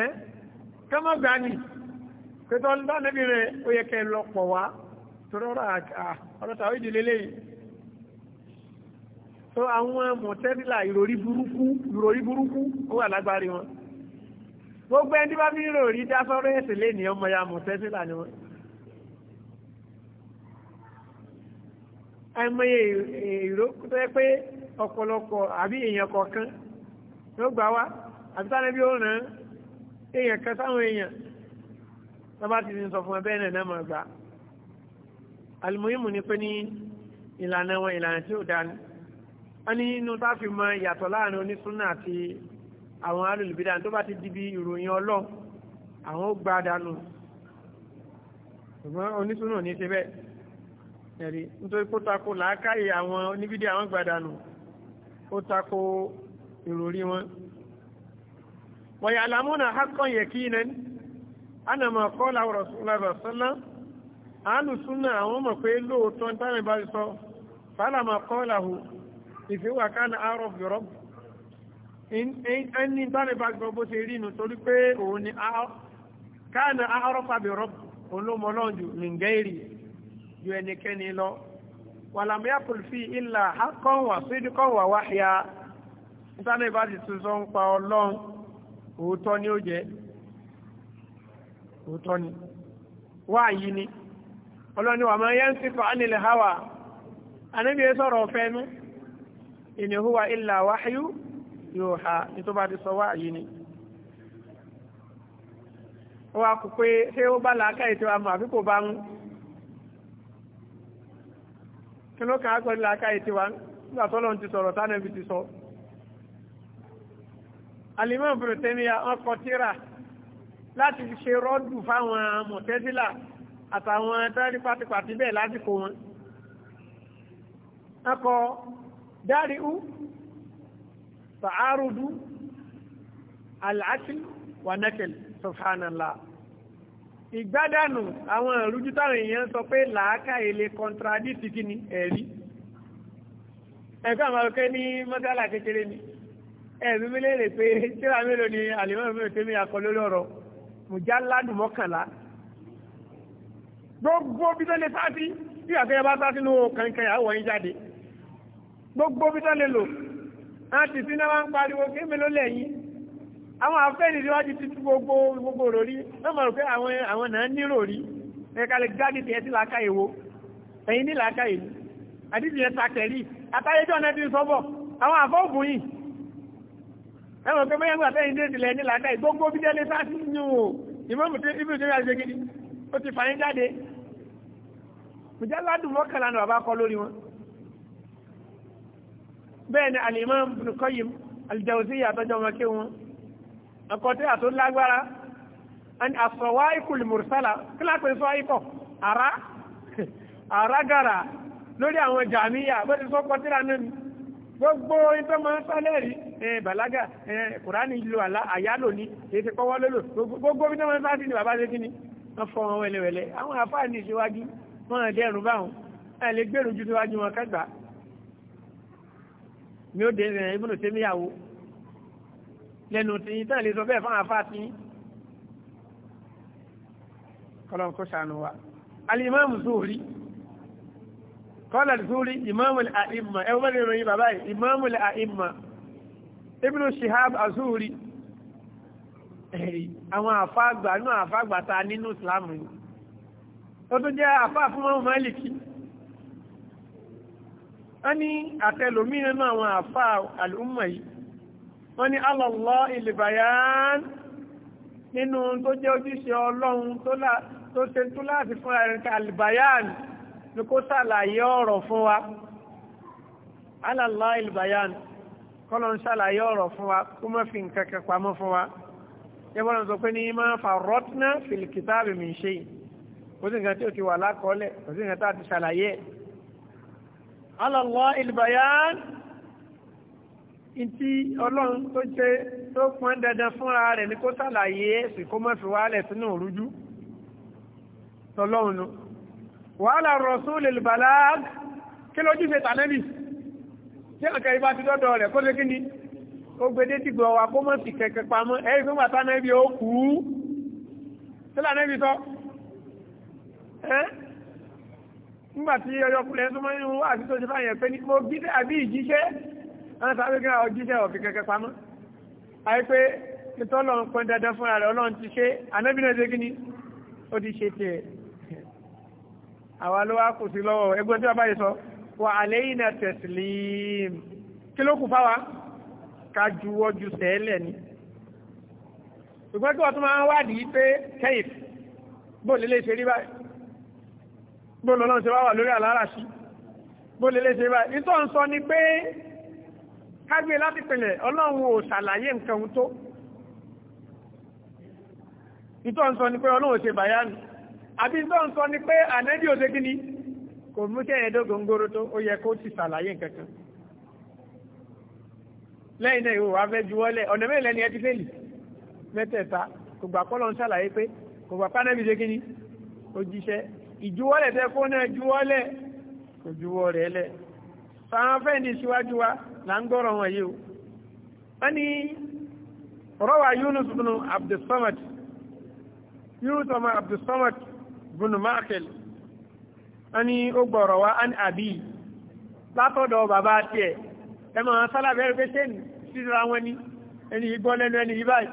ẹ́ kọ́mọ́ gbà ní pẹ̀tọ́ ń rẹ̀ ó yẹ kẹ́ lọ wá tọ́rọ̀rọ̀ ọ̀rọ̀ta ó ìdílé tó àwọn ìròrí burúkú ìròrí burúkú ó wà wọn ròrí yẹ pé ọ̀pọ̀lọpọ̀ àbí èèyàn kọ̀ọ̀kan gbà wá ó ràn èèyàn kan sáwọn èèyàn tọ́ba ti ti sọ fún ẹ bẹ́ẹ̀ náà gbà àlùmọ́yìmù ni pé ní ìlànà wọn ìlànà tí ó dání wọ́n ní inú tá a fi mọ ìyàtọ̀ láàrin onísúnà àti àwọn alùlùbídà tó bá ti di bí ìròyìn ọlọ́ àwọn ó gbá dànù ṣùgbọ́n onísúnà ní ṣe bẹ́ẹ̀ ẹ̀rí nítorí kó tako làákàyè àwọn oníbídì àwọn gbá dànù ó tako ìròrí wọn ويعلمون حقا يكينا أنا ما قاله رسول الله صلى الله عليه وسلم أهل السنة هم قيلوا تنتمي بالصوف فلما قاله if you can out of your robe ẹni tánà bá gbọ́ bó ṣe rí inú torí pé òun ni káàna àárọ́pàbí rọ́b olómọlọ́njù nìgẹ́rì ju ẹnikẹ́ni lọ wà lámúyá kùlfí ìlà akọ́wà sídíkọ́wà wáhíà tánà bá ti òótọ́ ni ó jẹ́ òótọ́ ni wá yìí ni ọlọ́ni wà máa yẹn sípò ánilẹ̀ hawa anábì yẹn sọ̀rọ̀ ọ̀fẹ́ nu in huwa illa wahyu yuha ní tó bá ti sọ wá yìí ni ó wá kó pé ṣé ó bá làákà ètò àmọ́ àbí kò bá ń kí ló kàn á pẹ̀lú làákà ètò wa nígbà tó lọ́n ti sọ̀rọ̀ tánàbì ti sọ alimọ́ bùrùtẹ́niyà ọkọ̀ tíra láti fi ṣe rọ́dù fáwọn mọ̀tẹ́sílà àtàwọn tẹ́rí pátipàti bẹ́ẹ̀ lásìkò wọn ọkọ̀ dáríú sàárùdú aláàtì wà nẹ́kẹ̀lì subhanallah ìgbádànù àwọn ìrújú táwọn èèyàn sọ pé làákà èlé kọntradìtì kí ni ẹ̀rí ẹ̀kọ́ àwọn ní mọ́sálà kékeré ni ẹ̀mí mi léèrè pé tíra mélòó ni àlèmọ́ mi ò tẹ́mi akọ lórí ọ̀rọ̀ mùjá ládùn mọ́kànlá gbogbo bí tó lè sáàtì bí àgbẹ̀yẹ bá sáàtì ní kankan àwọ̀ yín jáde gbogbo bí tó lè lò láti sí náà wá ń pariwo kí mélòó lẹ́yìn àwọn afẹ́ni tí wá ti títí gbogbo gbogbo ròrí wọ́n mọ̀ pé àwọn àwọn náà ní ròrí ẹ̀ka lè jáde tiẹ̀ sí làákà èwo ẹ̀yin ní làákà èyí àdìsí ẹ̀ takẹ̀lì àtàyéjọ́ náà ti sọ́bọ̀ àwọn àfọ́ yìí ẹwọ̀n pé bóyá gbà tẹ́yìn déèdì lẹ́ni làdá ìgbógbó bí délé sáàsì ní o ìmọ̀mù tí ibi ìjọba ṣe gidi ó ti fàyín jáde mùjáládùn mọ́kànlá ni bàbá kọ lórí wọn bẹ́ẹ̀ ni àlìmọ́ nìkọ́yìm àlìjẹ̀wòsí àtọ́jọ́ wọn kí wọn àkọ́tẹ́ àtó lágbára àni àsọ̀wá ìkùlù mùrùsálà kílápẹ̀ sọ ikọ̀ àrá àrágàrà lórí àwọn jàmíyà bó ti sọ kọtíra náà gbogbo ìtọ́ máa ń sálẹ̀ rí Eh, bàlágà eh, kùránì lo àyálò ní èsì pọ́wọ́ lólò gbogbo bí wọ́n bá sí ni bàbá ṣe kí ni wọ́n fọ́ wọn wẹ̀lẹ̀wẹ̀lẹ̀ àwọn àfáà ní ìṣíwájú wọ́n dẹ̀rùn báwọn ẹ̀ lè gbèrú ju síwájú wọn kẹgbàá ni ó dẹ̀rẹ̀ ibùdó tí níyàwó lẹ́nu tí yí tán lè sọ bẹ́ẹ̀ fáwọn afá tí kọlọ̀n kó ṣàánú wa alìmọ́mù Zuhri kọ́lá Zuhri ìmọ́mù àìmọ̀ ẹwọ́n lè ròyìn bàbá ìmọ́mù àìmọ̀ Ibn Shihab Azuri ẹ̀rí àwọn àfáàgbà náà àfáàgbà ta nínú ìsìlámù yìí ó tún jẹ́ àfáà fún mọ́mọ́ Málìkì wọ́n ní àtẹlòmínà náà àwọn àfáà àlùmọ̀ yìí wọ́n ní alọ́lọ́ ìlìbàyán nínú tó jẹ́ ojúṣe ọlọ́run tó ṣe tó láti fún ẹ̀rìnkà àlìbàyán ni kó ṣàlàyé ọ̀rọ̀ fún wa alọ́lọ́ ìlìbàyán kọ́lọ̀ ń ṣàlàyé ọ̀rọ̀ fún wa kó má fi nǹkan kan pamọ́ fún wa yẹ́bọ́n lọ sọ pé ní máa fa rọ́tínà fìlìkìtà àbìmí ṣe yìí kò sí nǹkan tí ó ti wà lákọọ́lẹ̀ kò sí nǹkan tá a ti ṣàlàyé ẹ̀. alọ́lọ́ ìlbàyán ntí ọlọ́run tó ṣe tó pọn dandan fúnra rẹ̀ ni kó ṣàlàyé ẹ̀sìn kó má fi wálẹ̀ sínú òrújú tọlọ́run nu wàhálà rọ̀ṣúlẹ̀ ìlbàlá kí lójú ṣe tànẹ́bì tí ọ̀kẹ́ ibá ti dọ́dọ̀ rẹ̀ kó wa kó mọ̀ sí kẹ̀kẹ́ pamọ́ ẹ̀rí fún bàtà náà ibi ó kú sílà náà ibi sọ ẹ́ nígbà tí ọyọkùnrin tó mọ́ nínú àti tó ṣe fáyẹ̀ pé ní mo bí àbí ìjíṣẹ́ wọn sáré kí wọn jíṣẹ́ ọ̀fi kẹ̀kẹ́ pamọ́ àyè pé títọ́ lọ pẹ́ dandan fúnra rẹ̀ ọlọ́run ti ṣe anábì náà ṣe ni ó ti ṣe tiẹ̀ àwa ló wá wà àlẹ́yìn tẹ̀sílìm kí ló kù fáwa ká juwọ́jú sẹ́ẹ̀lẹ̀ ni ṣùgbọ́n kí wọ́n tún máa ń wádìí pé kẹ́yìf bó lè lè ṣe rí báyìí bó lọ́nà ṣe wá wà lórí àlàárà sí bó lè lè ṣe rí báyìí nítorí sọ ni pé kágbé e láti pinlẹ̀ ọlọ́run ò ṣàlàyé nǹkan tó nítorí sọ ni pé ọlọ́run ò ṣe bàyá ni àbí nítorí sọ ni pé ànẹ́bí ò ṣe kí kò mú tẹ́yẹ̀ dógóngóró tó ó yẹ kó ti sàlàyé nǹkan kan lẹ́yìn náà ìwò wa fẹ́ ọ̀nà mẹ́rin ẹ ti fẹ́lì mẹ́tẹ̀ẹ̀ta kò gbà kọ́lọ̀ sàlàyé pé kò gbà pánẹ́bì ṣe kíní ó jíṣẹ́ ìjuwọ́lẹ̀ tẹ́ kó náà juwọ́lẹ̀ kò juwọ́ rẹ̀ lẹ̀ sàwọn fẹ́ǹdì síwájú wa là ń gbọ́rọ̀ wọn yìí o wọ́n ní rọ́wà ani ní ó gbọ̀rọ̀ wá án àbí látọ̀dọ̀ bàbá tiẹ̀ ẹ máa sálábẹ́ pé ṣé síra wọn ni ẹni igbó lẹ́nu ẹni yìí báyìí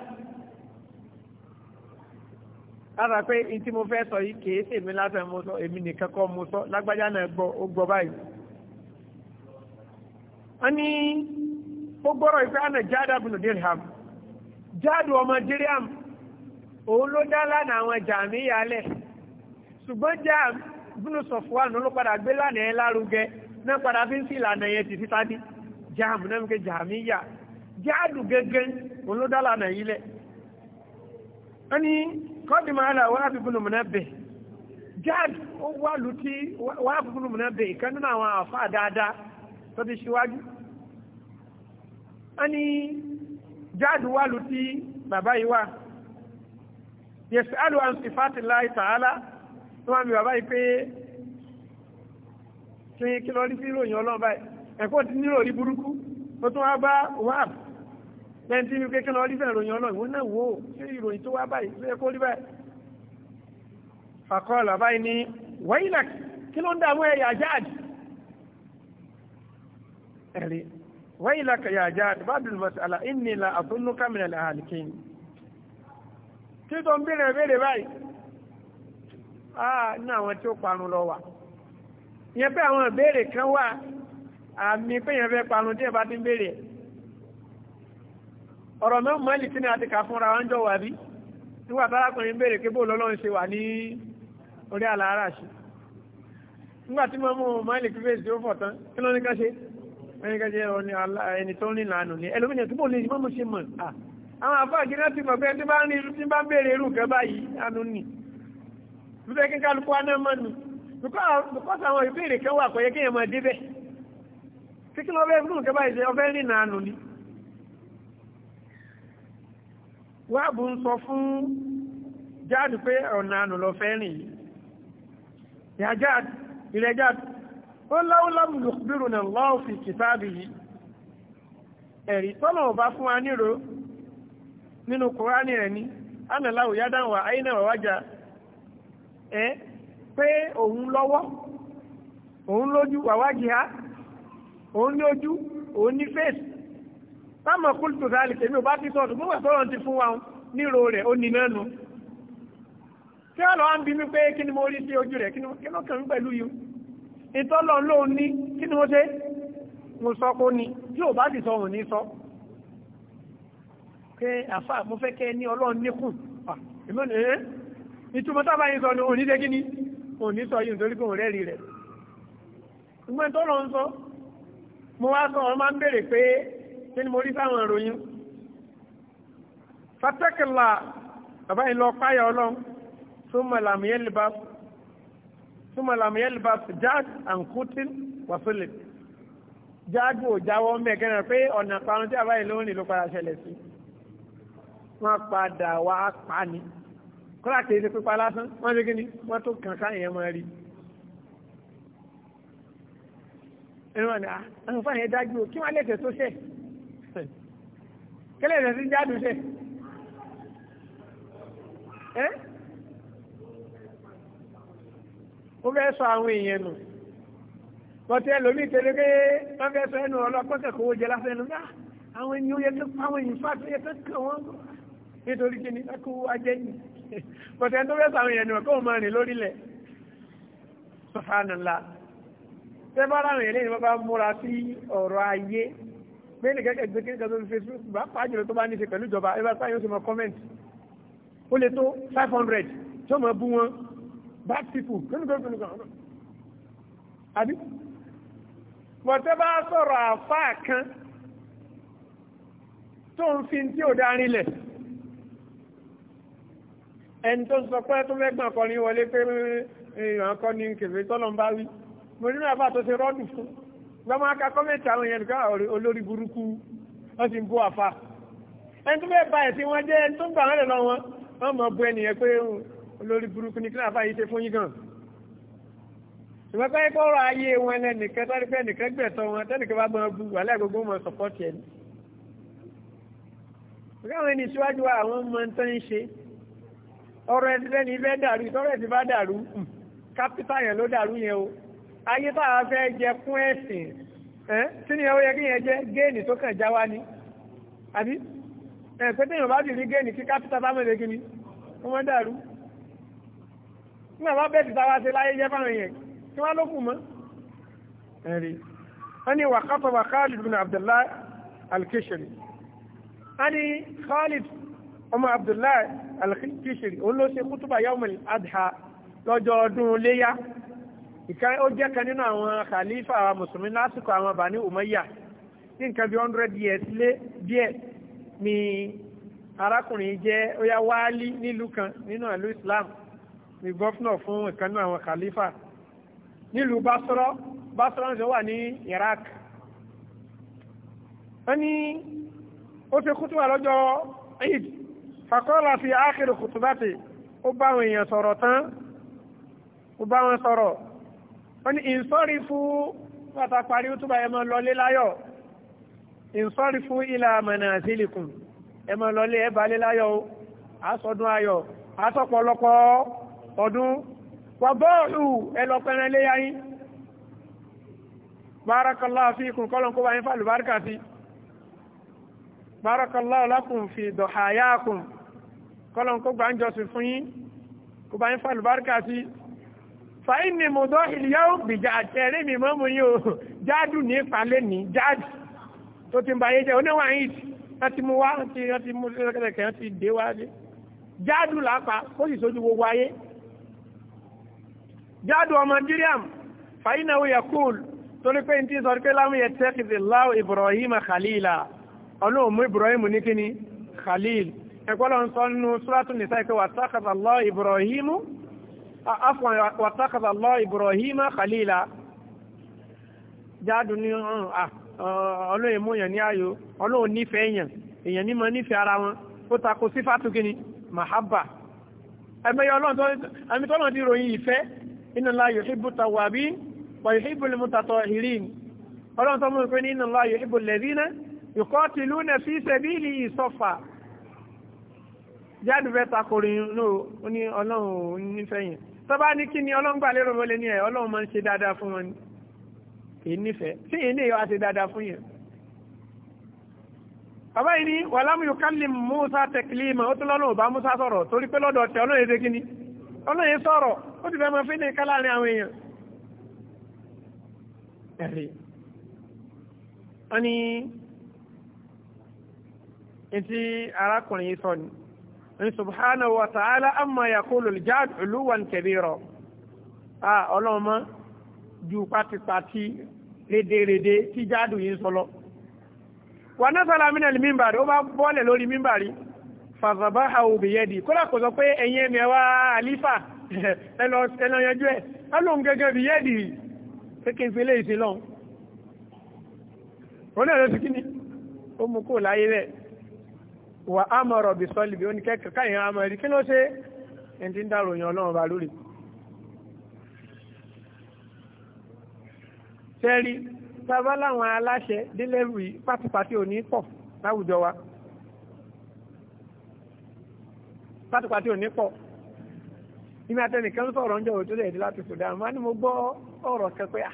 lára pé n tí mo fẹ́ sọ yìí kìí ṣèmi lásán mo sọ èmi nìkan kọ́ mo sọ lágbájá náà gbọ́ ó gbọ́ báyìí wọ́n ó gbọ́rọ̀ ìfẹ́ àná jáde bùnú dirham jáde ọmọ dirham òun ló dá lánàá àwọn jàmíyà lẹ̀ ṣùgbọ́n jàmíyà bínú sọ̀fúwánù ló padà gbé lánàá yẹn lárugẹ náà padà fi ń sí ìlànà yẹn ti títà ní jáàmù náà mú jàmíyà jáàdù gẹ́gẹ́ olódálànà yìí lẹ̀ ẹni kọ́dìmọ̀ àlà wà fífúnnù múná bẹ̀ jáàdù ó wà lùtí wà fífúnnù múná bẹ̀ ìkan nínú àwọn àfà dáadáa tó ti ṣíwájú ẹni jáàdù wà tó wá mi bàbá yìí pé kí kí lọ rí sí ìròyìn ọlọ́run báyìí ẹ̀kọ́ ti nílò orí burúkú ó tún wá bá wáp lẹ́yìn tí mi pé kí lọ rí sí ìròyìn ọlọ́run ìwọ náà wò ó ṣé ìròyìn tó wá báyìí tó yẹ kó rí báyìí. fàkọ́ làbá yìí ní wáyìlà kí ló báyìí ní àwọn tí ó parun lọ wà yẹn pé àwọn ìbéèrè kan wà àmì pé yẹn fẹ́ parun tí ẹ bá ti ń béèrè ọ̀rọ̀ mẹ́rin mọ́lì tí ni a ti kà fúnra wọn jọ wà bí nígbà tárákùnrin béèrè pé bóòlù ọlọ́run ṣe wà ní orí àlàárà sí nígbà tí mo mú mọ́lì kí fèsì ó fọ̀ tán kí ló ní ká ṣe ẹni ká ṣe ẹni tó ń rìn lànà lóṣù kí kálukú wa náà mọ́nu because àwọn ìbéèrè kan wà pẹ̀yẹ kéèyàn máa débẹ̀ kí kí lọ́ọ́ bẹ́ẹ̀ fún ìjọba ìṣe ọbẹ̀ rìn náà nù ni. wáàbù ń sọ fún jáàdù pé ọ̀nà ànù lọ fẹ́ rìn yìí ìyá jáàdù ìrẹ́ jáàdù ó láwùláwù lùkúbírù náà lọ́ọ̀ fi kìtàbì yìí ẹ̀rí tọ́nà ọba fún wa nírò nínú kùránì rẹ̀ ní ánàláwù yádàn wà áyínà wà wájà ẹ pé òun lọ́wọ́ òun lójú wàwájì ha òun ní ojú òun ní fèsì táàmù kúlùtù sáàlì tèmi ò bá ti sọ̀tù gbogbo ẹ̀sọ́rọ̀ ti fún wa níro rẹ̀ ó ní nánu tí wọ́n lọ́wọ́ ń bi mí pé kí ni mo rí sí ojú rẹ̀ kí ló kàn mí pẹ̀lú yìí ìtọ́lọ̀ lóun ní kí ni mo ṣe mo sọ kó ni tí ò bá ti sọ òun ní sọ pé àfà mo fẹ́ kẹ́ ní ọlọ́run níkùn èmi ò ní ìtumọ̀ tábà yìí sọ ní òní jẹ́ kíní òní sọ yìí nítorí kò rẹ́rì rẹ̀ ṣùgbọ́n tó lọ ń sọ mo wá sọ wọn máa ń bèèrè pé kí ni mo rí sáwọn ìròyìn fatakila bàbá yìí lọ páyà ọlọ́run súnmọ̀ làmúyẹ́lì bá jáde àǹkútín wàsúlẹ̀ jáde ò jáwọ́ mẹ́kẹ́rẹ́ pé ọ̀nà parun tí àbáyé ló ń padà ṣẹlẹ̀ sí wọ́n padà wá pa ni kọ́lá kìí ṣe pípa lásán wọ́n ṣe kíni wọ́n tó kàn káyẹn máa rí ẹni wọn ni àwọn fáwọn yẹn dájú o kí wọ́n lẹ́sẹ̀ tó ṣẹ̀ kí lẹ́sẹ̀ sí jáde ṣẹ̀ ẹ́ ó fẹ́ sọ àwọn èèyàn nù bọ́tí ẹlòmí ìtẹ́lẹ́ wọ́n fẹ́ sọ ẹnu ọlọ́pọ̀tẹ̀ kówó jẹ lásán ẹnu náà ah, àwọn èèyàn yẹ kí àwọn èèyàn fà tó yẹ kí wọ́n nítorí kíni ẹkú ajẹ́yìn bọ̀tẹ́ tó fẹ́ sàwọn èèyàn ni wọ́n kó máa rìn lórílẹ̀ sọ̀fánàlá tẹ́bára rìn lẹ́yìn bá bá múra sí ọ̀rọ̀ ayé pé ní kẹ́kẹ́ gbé tó Facebook bá pàjùlọ tó bá ní ṣe pẹ̀lú ìjọba ẹgbẹ́ sáyẹn ó sì mọ kọ́mẹ́ǹtì ó lè bad people kíni kó kíni kan àbí bọ̀tẹ́ bá sọ̀rọ̀ àfáà kan ń fi tí ò darí lẹ̀ ẹni tó sọ pé tó mẹ́gbọ̀n kan ní wọlé pé eh, ìràn kan ní kèfé tọ́lọ̀ ń bá wí mo nínú àbá tó ṣe rọ́ọ̀dù fún gbọ́mọ aka kọ́mẹ̀tì àwọn èèyàn nìkan olórí burúkú wọ́n sì ń bú àfa ẹni tó fẹ́ ba ẹ̀sìn wọn jẹ́ ẹni tó ń gbà wọ́n lè lọ wọn wọ́n mọ̀ bu ẹnìyẹn pé olórí burúkú ní kíláàfà yìí ṣe fún yín gan ṣùgbọ́n pé kọ́rọ̀ ayé wọn lẹ́nìkan tọ́ni pé ẹnìkan gbẹ̀tọ̀ wọn tẹ́nìkan bá máa bu wàhálà gbogbo wọn sọ̀pọ̀tì ẹni. ìgbà wọn ni ìṣíwájú wa àwọn ọmọ ń tán ń ṣe ọ̀rọ̀ ẹ̀sìn lẹ́ni fẹ́ dàrú ìtọ́rọ̀ ẹ̀sìn bá dàrú kápítà hmm, yẹn ló dàrú yẹn o ayé táwa fẹ́ jẹ fún ẹ̀sìn tí ni ó yẹ kí yẹn jẹ géènì tó kàn já wá ni àbí pété yóò bá sì rí géènì kí kápítà bá mẹ́lẹ̀ kí ni wọ́n mọ́ dàrú nígbà bẹ́ẹ̀ ti táwa ṣe láyé jẹ́ fáwọn yẹn kí wọ́n lókun mọ́ ẹ̀rí wọ́n ní wàkátọ̀ wà Khalid bin Abdullahi al wọ́n ní Khalid ọmọ Abdullahi alkishiri òun ló ṣe kútùbà yawmul adha lọ́jọ́ ọdún léyá ìka ó jẹ́ kan nínú àwọn khalifa mùsùlùmí lásìkò àwọn bani umayya ní nǹkan bí hundred years lé díẹ̀ ni arákùnrin jẹ́ ó yá wáálí nílùú kan nínú ìlú islam ni gọ́fúnà fún ìkan nínú àwọn khalifa nílùú basra basra ń sọ wà ní iraq wọ́n ní ó fi kútùbà lọ́jọ́ fàkọ́lá fi ákìrì kùtùbátì ó bá àwọn èèyàn sọ̀rọ̀ tán ó bá wọn sọ̀rọ̀ ó ní ìsọ́rí fún wàtà parí ó túbà ẹmọ lọlé láyọ̀ ìsọ́rí fún ilà mọ̀nà sílìkùn ẹmọ lọlé ẹbà lé láyọ̀ ó àsọdún ayọ̀ àsọpọ̀lọpọ̀ ọdún wà bọ́ọ̀lù ẹlọpẹrẹ léyà yín kọ́lọ̀n kó gbà ń jọ sí fún yín kó bá ń fa àlùbáríkà sí fàáyí ni mo dọ́ ìlíyàwó gbìjà àtẹ̀rẹ́ mi mọ́ mu yín o jáàdù ní ìpàlẹ́ ní jáàdù tó ti ń ba ayé jẹ́ oníwà yìí wọ́n ti mú wá wọ́n ti mú lẹ́kẹ̀kẹ̀ wọ́n ti dé wá dé jáàdù làápa kó sì sójú gbogbo ayé jáàdù ọmọ díríàm fàáyí náà wọ́n yẹ kúl torí pé ní ti sọ pé láwọn yẹ tẹ́kìtì láwọn Ibrahim Khalila ọlọ́run mú ní kíni Khalil ẹ̀kọ́lọ̀ ń sọ nínú Suratul Nisa pé wàtàkàtà lọ Ibrahimu afọ wàtàkàtà lọ Ibrahima khalila jáàdù ní ọlọ́yìn mú yàn ní ayò ọlọ́run nífẹ̀ẹ́ èèyàn èèyàn ní mọ nífẹ̀ẹ́ ara wọn ó takò sí fàtúkìní mahabba ẹgbẹ́yẹ ọlọ́run tọ́lọ̀ ti ròyìn ìfẹ́ inna Allah yuhibbu tawabin wa yuhibbul mutatahirin ọlọ́run tọ́mọ̀ pé inna Allah yuhibbul jáde fẹ́ takorin ló ó ní ọlọ́run nífẹ̀ẹ́ yẹn tó bá ní kí ni ọlọ́run gbà lérò wọlé ní ẹ̀ ọlọ́run máa ń ṣe dáadáa fún wọn èyí nífẹ̀ẹ́ tí èyí lè wá ṣe dáadáa fún yẹn. bàbá yìí ní wàlámù yóò kálí Musa tẹkílì mà ó tún lọ́nà òbá Musa sọ̀rọ̀ torí pé lọ́dọ̀ tẹ ọlọ́run ṣe kíni ọlọ́run sọ̀rọ̀ ó ti fẹ́ máa fi ní àwọn èèyàn. ẹ̀rí wọ́n ní etí arákùnrin sọ ni ní subhanahu wa ta'ala amma yaqulu al-jahd 'uluwan kabira a ọlọ́mọ ju pátipátí rédèrèdè tí jáàdù yìí ń sọ lọ wà náà sọ́la mí nàlì mímbàrí ó bá bọ́ọ̀lẹ̀ lórí mímbàrí fàzàbá àwòbìyẹ́dì kó lákò sọ pé ẹ̀yìn ẹ̀mí ẹwà àlífà [LAUGHS] ẹlọ yanjú ẹ̀ ọlọ́run gẹ́gẹ́ bí yẹ́dì kékeré fi léyìí sí ó náà lọ sí kíni ó mú kó láyé bẹ́ẹ̀ wà á mọ̀ ọ̀rọ̀ bí sọ́ọ̀lì bí ó ní kẹ́kẹ́ káyìn á mọ̀ ẹ̀rí kí ló ṣe ẹni tí ń dá ròyìn ọlọ́run bá lórí. sẹ́rí bàbá láwọn aláṣẹ délẹ́rù yìí pátipátí pọ̀ láwùjọ wa pátipátí ò ní pọ̀ ìmọ̀ àtẹnìkan sọ̀rọ̀ ń jẹ́ òjò lẹ́yìn láti Sudan wọn ni mo gbọ́ ọ̀rọ̀ kẹ́kẹ́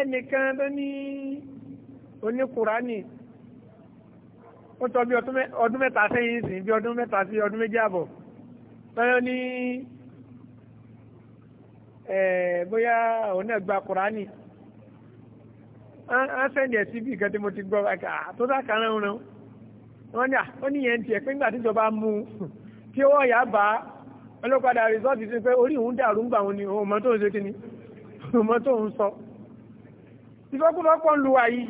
ẹnìkan tó ní oníkùránì ó tọ́ bí ọdún mẹ́ta sẹ́yìn sìn bí ọdún mẹ́ta sí ọdún méjì àbọ̀ tọ́yọ́ ní bóyá òun náà gba kùránì á sẹ́ndì ẹ̀ síbi ìkan tí mo ti gbọ́ tó dákàrán rán wọ́n ní à ó ní yẹn tiẹ̀ pé nígbà tíjọba mú un tí owó ọ̀yà bá ọlọ́padà rìsọ́ọ̀tì sí pé orí òun dàrú ń gbà òun ni òun mọ́ tó ń ṣe kíni [LAUGHS] òun mọ́ tó ń sọ ìfọ́kúfọ́kọ́ ń lu àyí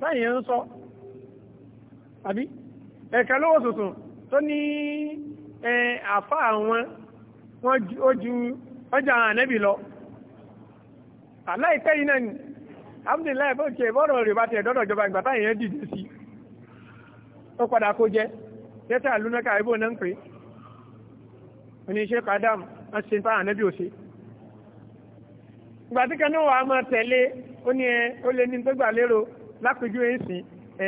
báyìí ń sọ àbí ẹ̀ka lówó tuntun tó ní àfa àwọn wọn ó ju ọjà àwọn ànẹ́bì lọ aláìpẹ́ yìí náà ni abdullahi bó tiẹ̀ bọ́rọ̀ rẹ̀ bá tiẹ̀ dọ́dọ̀ ìjọba ìgbà táyì yẹn dìde sí ó padà kó jẹ́ yẹ́tà lúnákà ibò náà ń pè oníṣẹ́ kadam wọ́n ṣe fáwọn ànẹ́bì òṣè ìgbà tí kan náà wàá máa tẹ̀lé ó ní ẹ ó lé ní tó gbà lérò lápèjú èsì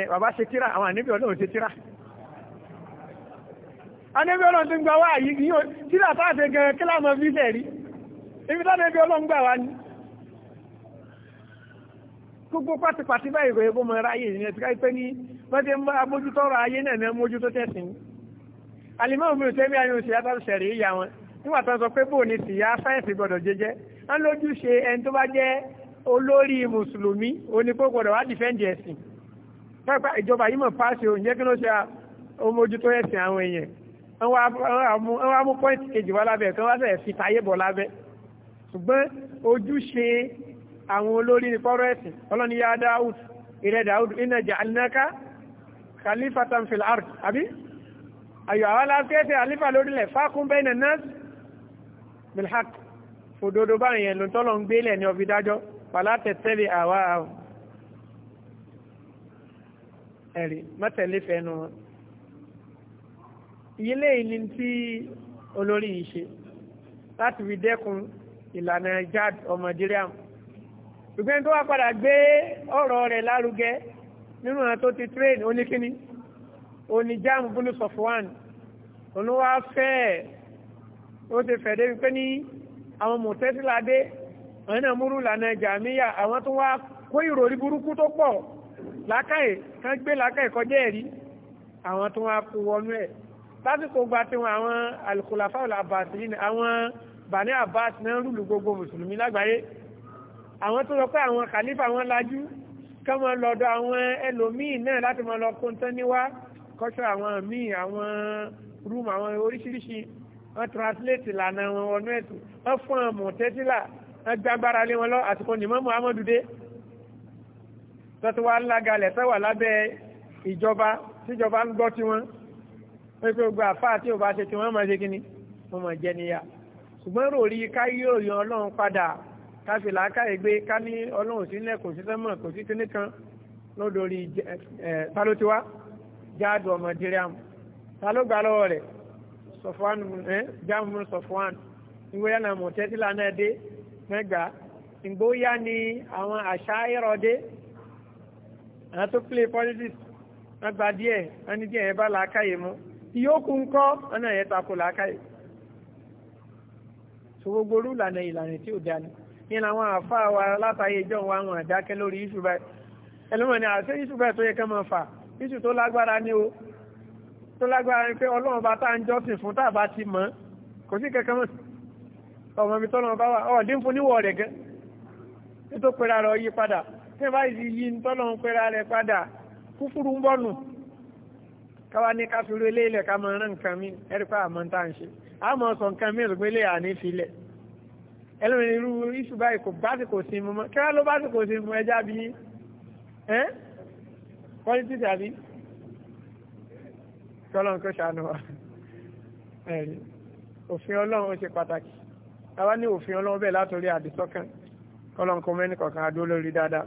bàbá ṣe tíra àwọn àníbí ọlọ́run ṣe tíra àníbí ọlọ́run ti ń gba wá yìí yíò tíra táàṣe gan kíláàmọ́ bí fẹ́ rí ibi táwọn ẹbí ọlọ́run gbà wá ní gbogbo pátipàti báyìí kò yẹ kó mọ ráyè ìyẹn ti ká pé ní bọ́dé ń bá abójútó ọrọ̀ ayé náà ní mójútó tẹ̀sìn alimọ́ mi ò tẹ́bí ayé oṣù yàtọ̀ ṣẹ̀rí ìyá wọn nígbà tó ń sọ pé bóò ni tìyà sáyẹ̀nsì gbọ́dọ̀ jẹjẹ́ á lójúṣe ẹni tó bá jẹ́ olórí mùsùlùmí onípò gbọ́dọ̀ wá dìfẹ́ǹdì ẹ̀sìn pẹ́pẹ́ ìjọba yìí mọ̀ páàsì òun jẹ́ kí ló ṣe ọmọjútó ẹ̀sìn àwọn èèyàn wọ́n wá mú pọ́ìntì kejì wá lábẹ́ kan wá sẹ̀ fi tayé bọ̀ lábẹ́ ṣùgbọ́n ojúṣe àwọn olórí ní pọ́rọ̀ ẹ̀sìn ọlọ́ni yá dáúd ilẹ̀ dáúd iná jà alínaka khalifatan fil ard àbí ayò àwọn aláfẹ́ẹ̀tẹ̀ alifa lórílẹ̀ fákún bẹ́ẹ̀nà nas bilhaq fòdodo báyẹn lóńtọ́lọ́ ń gbélẹ̀ ní ọbí dájọ́ pàlátẹ̀ tẹ́lẹ̀ àwa àwọn ẹ̀rí mọ́tẹ̀lẹ́fẹ́ nu wọn. ìyílé yìí ni tí olórí yìí ṣe láti fi dẹ́kun ìlànà jad ọmọ díríàmù ṣùgbọ́n tó wá padà gbé ọ̀rọ̀ rẹ̀ lárugẹ nínú ọ̀nà tó ti train oníkíní oní jam bunu sọfwan olúwa fẹ́ ẹ̀ ó ti fẹ̀ débi pé ní àwọn mọ̀tẹ́síládé àwọn náà múrú ìlànà jàmíyà àwọn tó wá kó ìròrí burúkú tó pọ̀ lákàyè kan gbé lákàyè kọjá ẹ̀rí àwọn tó wá kó wọnú ẹ̀ lásìkò gba tiwọn àwọn alukulafaul abbasin àwọn bani abbas náà rúlù gbogbo mùsùlùmí lágbàáyé àwọn tó lọ pé àwọn kàlífà wọn lajú kán mọ lọ́dọ̀ àwọn ẹlòmíì náà láti mọ lọ kóńtán níwá kọ́ṣọ́ àwọn míì àwọn rúùmù àwọn oríṣiríṣi wọ́n translate ìlànà wọn wọnú ẹ̀tù wọ́n fún ọmọ tẹ́tílà wọ́n gbàgbára lé wọn lọ àsìkò nìmọ́ muhammadu dé tọ́tí wá lágalẹ̀ tẹ́wà lábẹ́ ìjọba tíjọba ń gbọ́ tí wọ́n wọ́n pé gbogbo àfáà tí ṣe tí wọ́n máa ṣe kí ni wọ́n máa jẹ níyà ṣùgbọ́n rò rí ká yí òyìn ọlọ́run padà ká fi làákàyè gbé ká ní ọlọ́run sílẹ̀ kò sí sẹ́mọ̀ kò sí kíní kan lódòrí tálótiwá jáàdù ọmọ díríàmù ta ló gbà lọ́wọ́ rẹ̀ sọ̀fọ́n jáàmù sọ̀fọ́n ìwé yánà mọ̀tẹ́tìlá náà dé mẹ́gbàá ìgbóyá ni àwọn àṣà ìrọ̀dé àwọn tó play politics wọ́n gba díẹ̀ wọ́n ní díẹ̀ yẹn bá làákàyè mú ìyókù ń kọ́ ọ̀nà yẹn tako làákàyè so gbogbo orú ìlànà ìlànà tí ò dání yẹn làwọn àáfàá wa látàyè ìjọ wa wọn àdákẹ́ lórí iṣu báyìí ẹlòmíràn ni àti iṣu báyìí tó yẹ kẹ́ máa fà iṣu tó lágbára ni o tó lágbára ni pé ọlọ́run bá tá à ń jọ́sìn fún tá a bá ti mọ̀ kò sí kankan mọ̀ ọmọ mi tọ́lọ́run bá wà ọ̀ọ́dín fún níwọ̀ rẹ̀ gẹ́ nítorí pé rárá ọ yí padà tí wọ́n bá yí yí ń tọ́lọ̀ ń pẹ́ra rẹ̀ padà kúfúrú ń bọ̀nù káwa ní káfíru eléyìí ká máa rán nǹkan mi ẹ̀rí pa àmọ́ tá à ń ṣe àmọ́ sọ nǹkan mi rògbé lè àní filẹ̀ ẹlòmíràn irú iṣu báyìí kò básìkò sí mu mọ́ kí wọ́n ló básìkò sí mu ẹja bí ẹ́ pọ́lítì tàbí kọ́lọ́n kó ṣàánú wa ẹ̀rí òfin ọlọ́run ó ṣe pàtàkì táwa ní òfin ọlọ́run bẹ́ẹ̀ látòrí àdìsọ́kàn kọ́lọ́n kó mẹ́nìkọ̀ọ̀kan adó lórí dáadáa.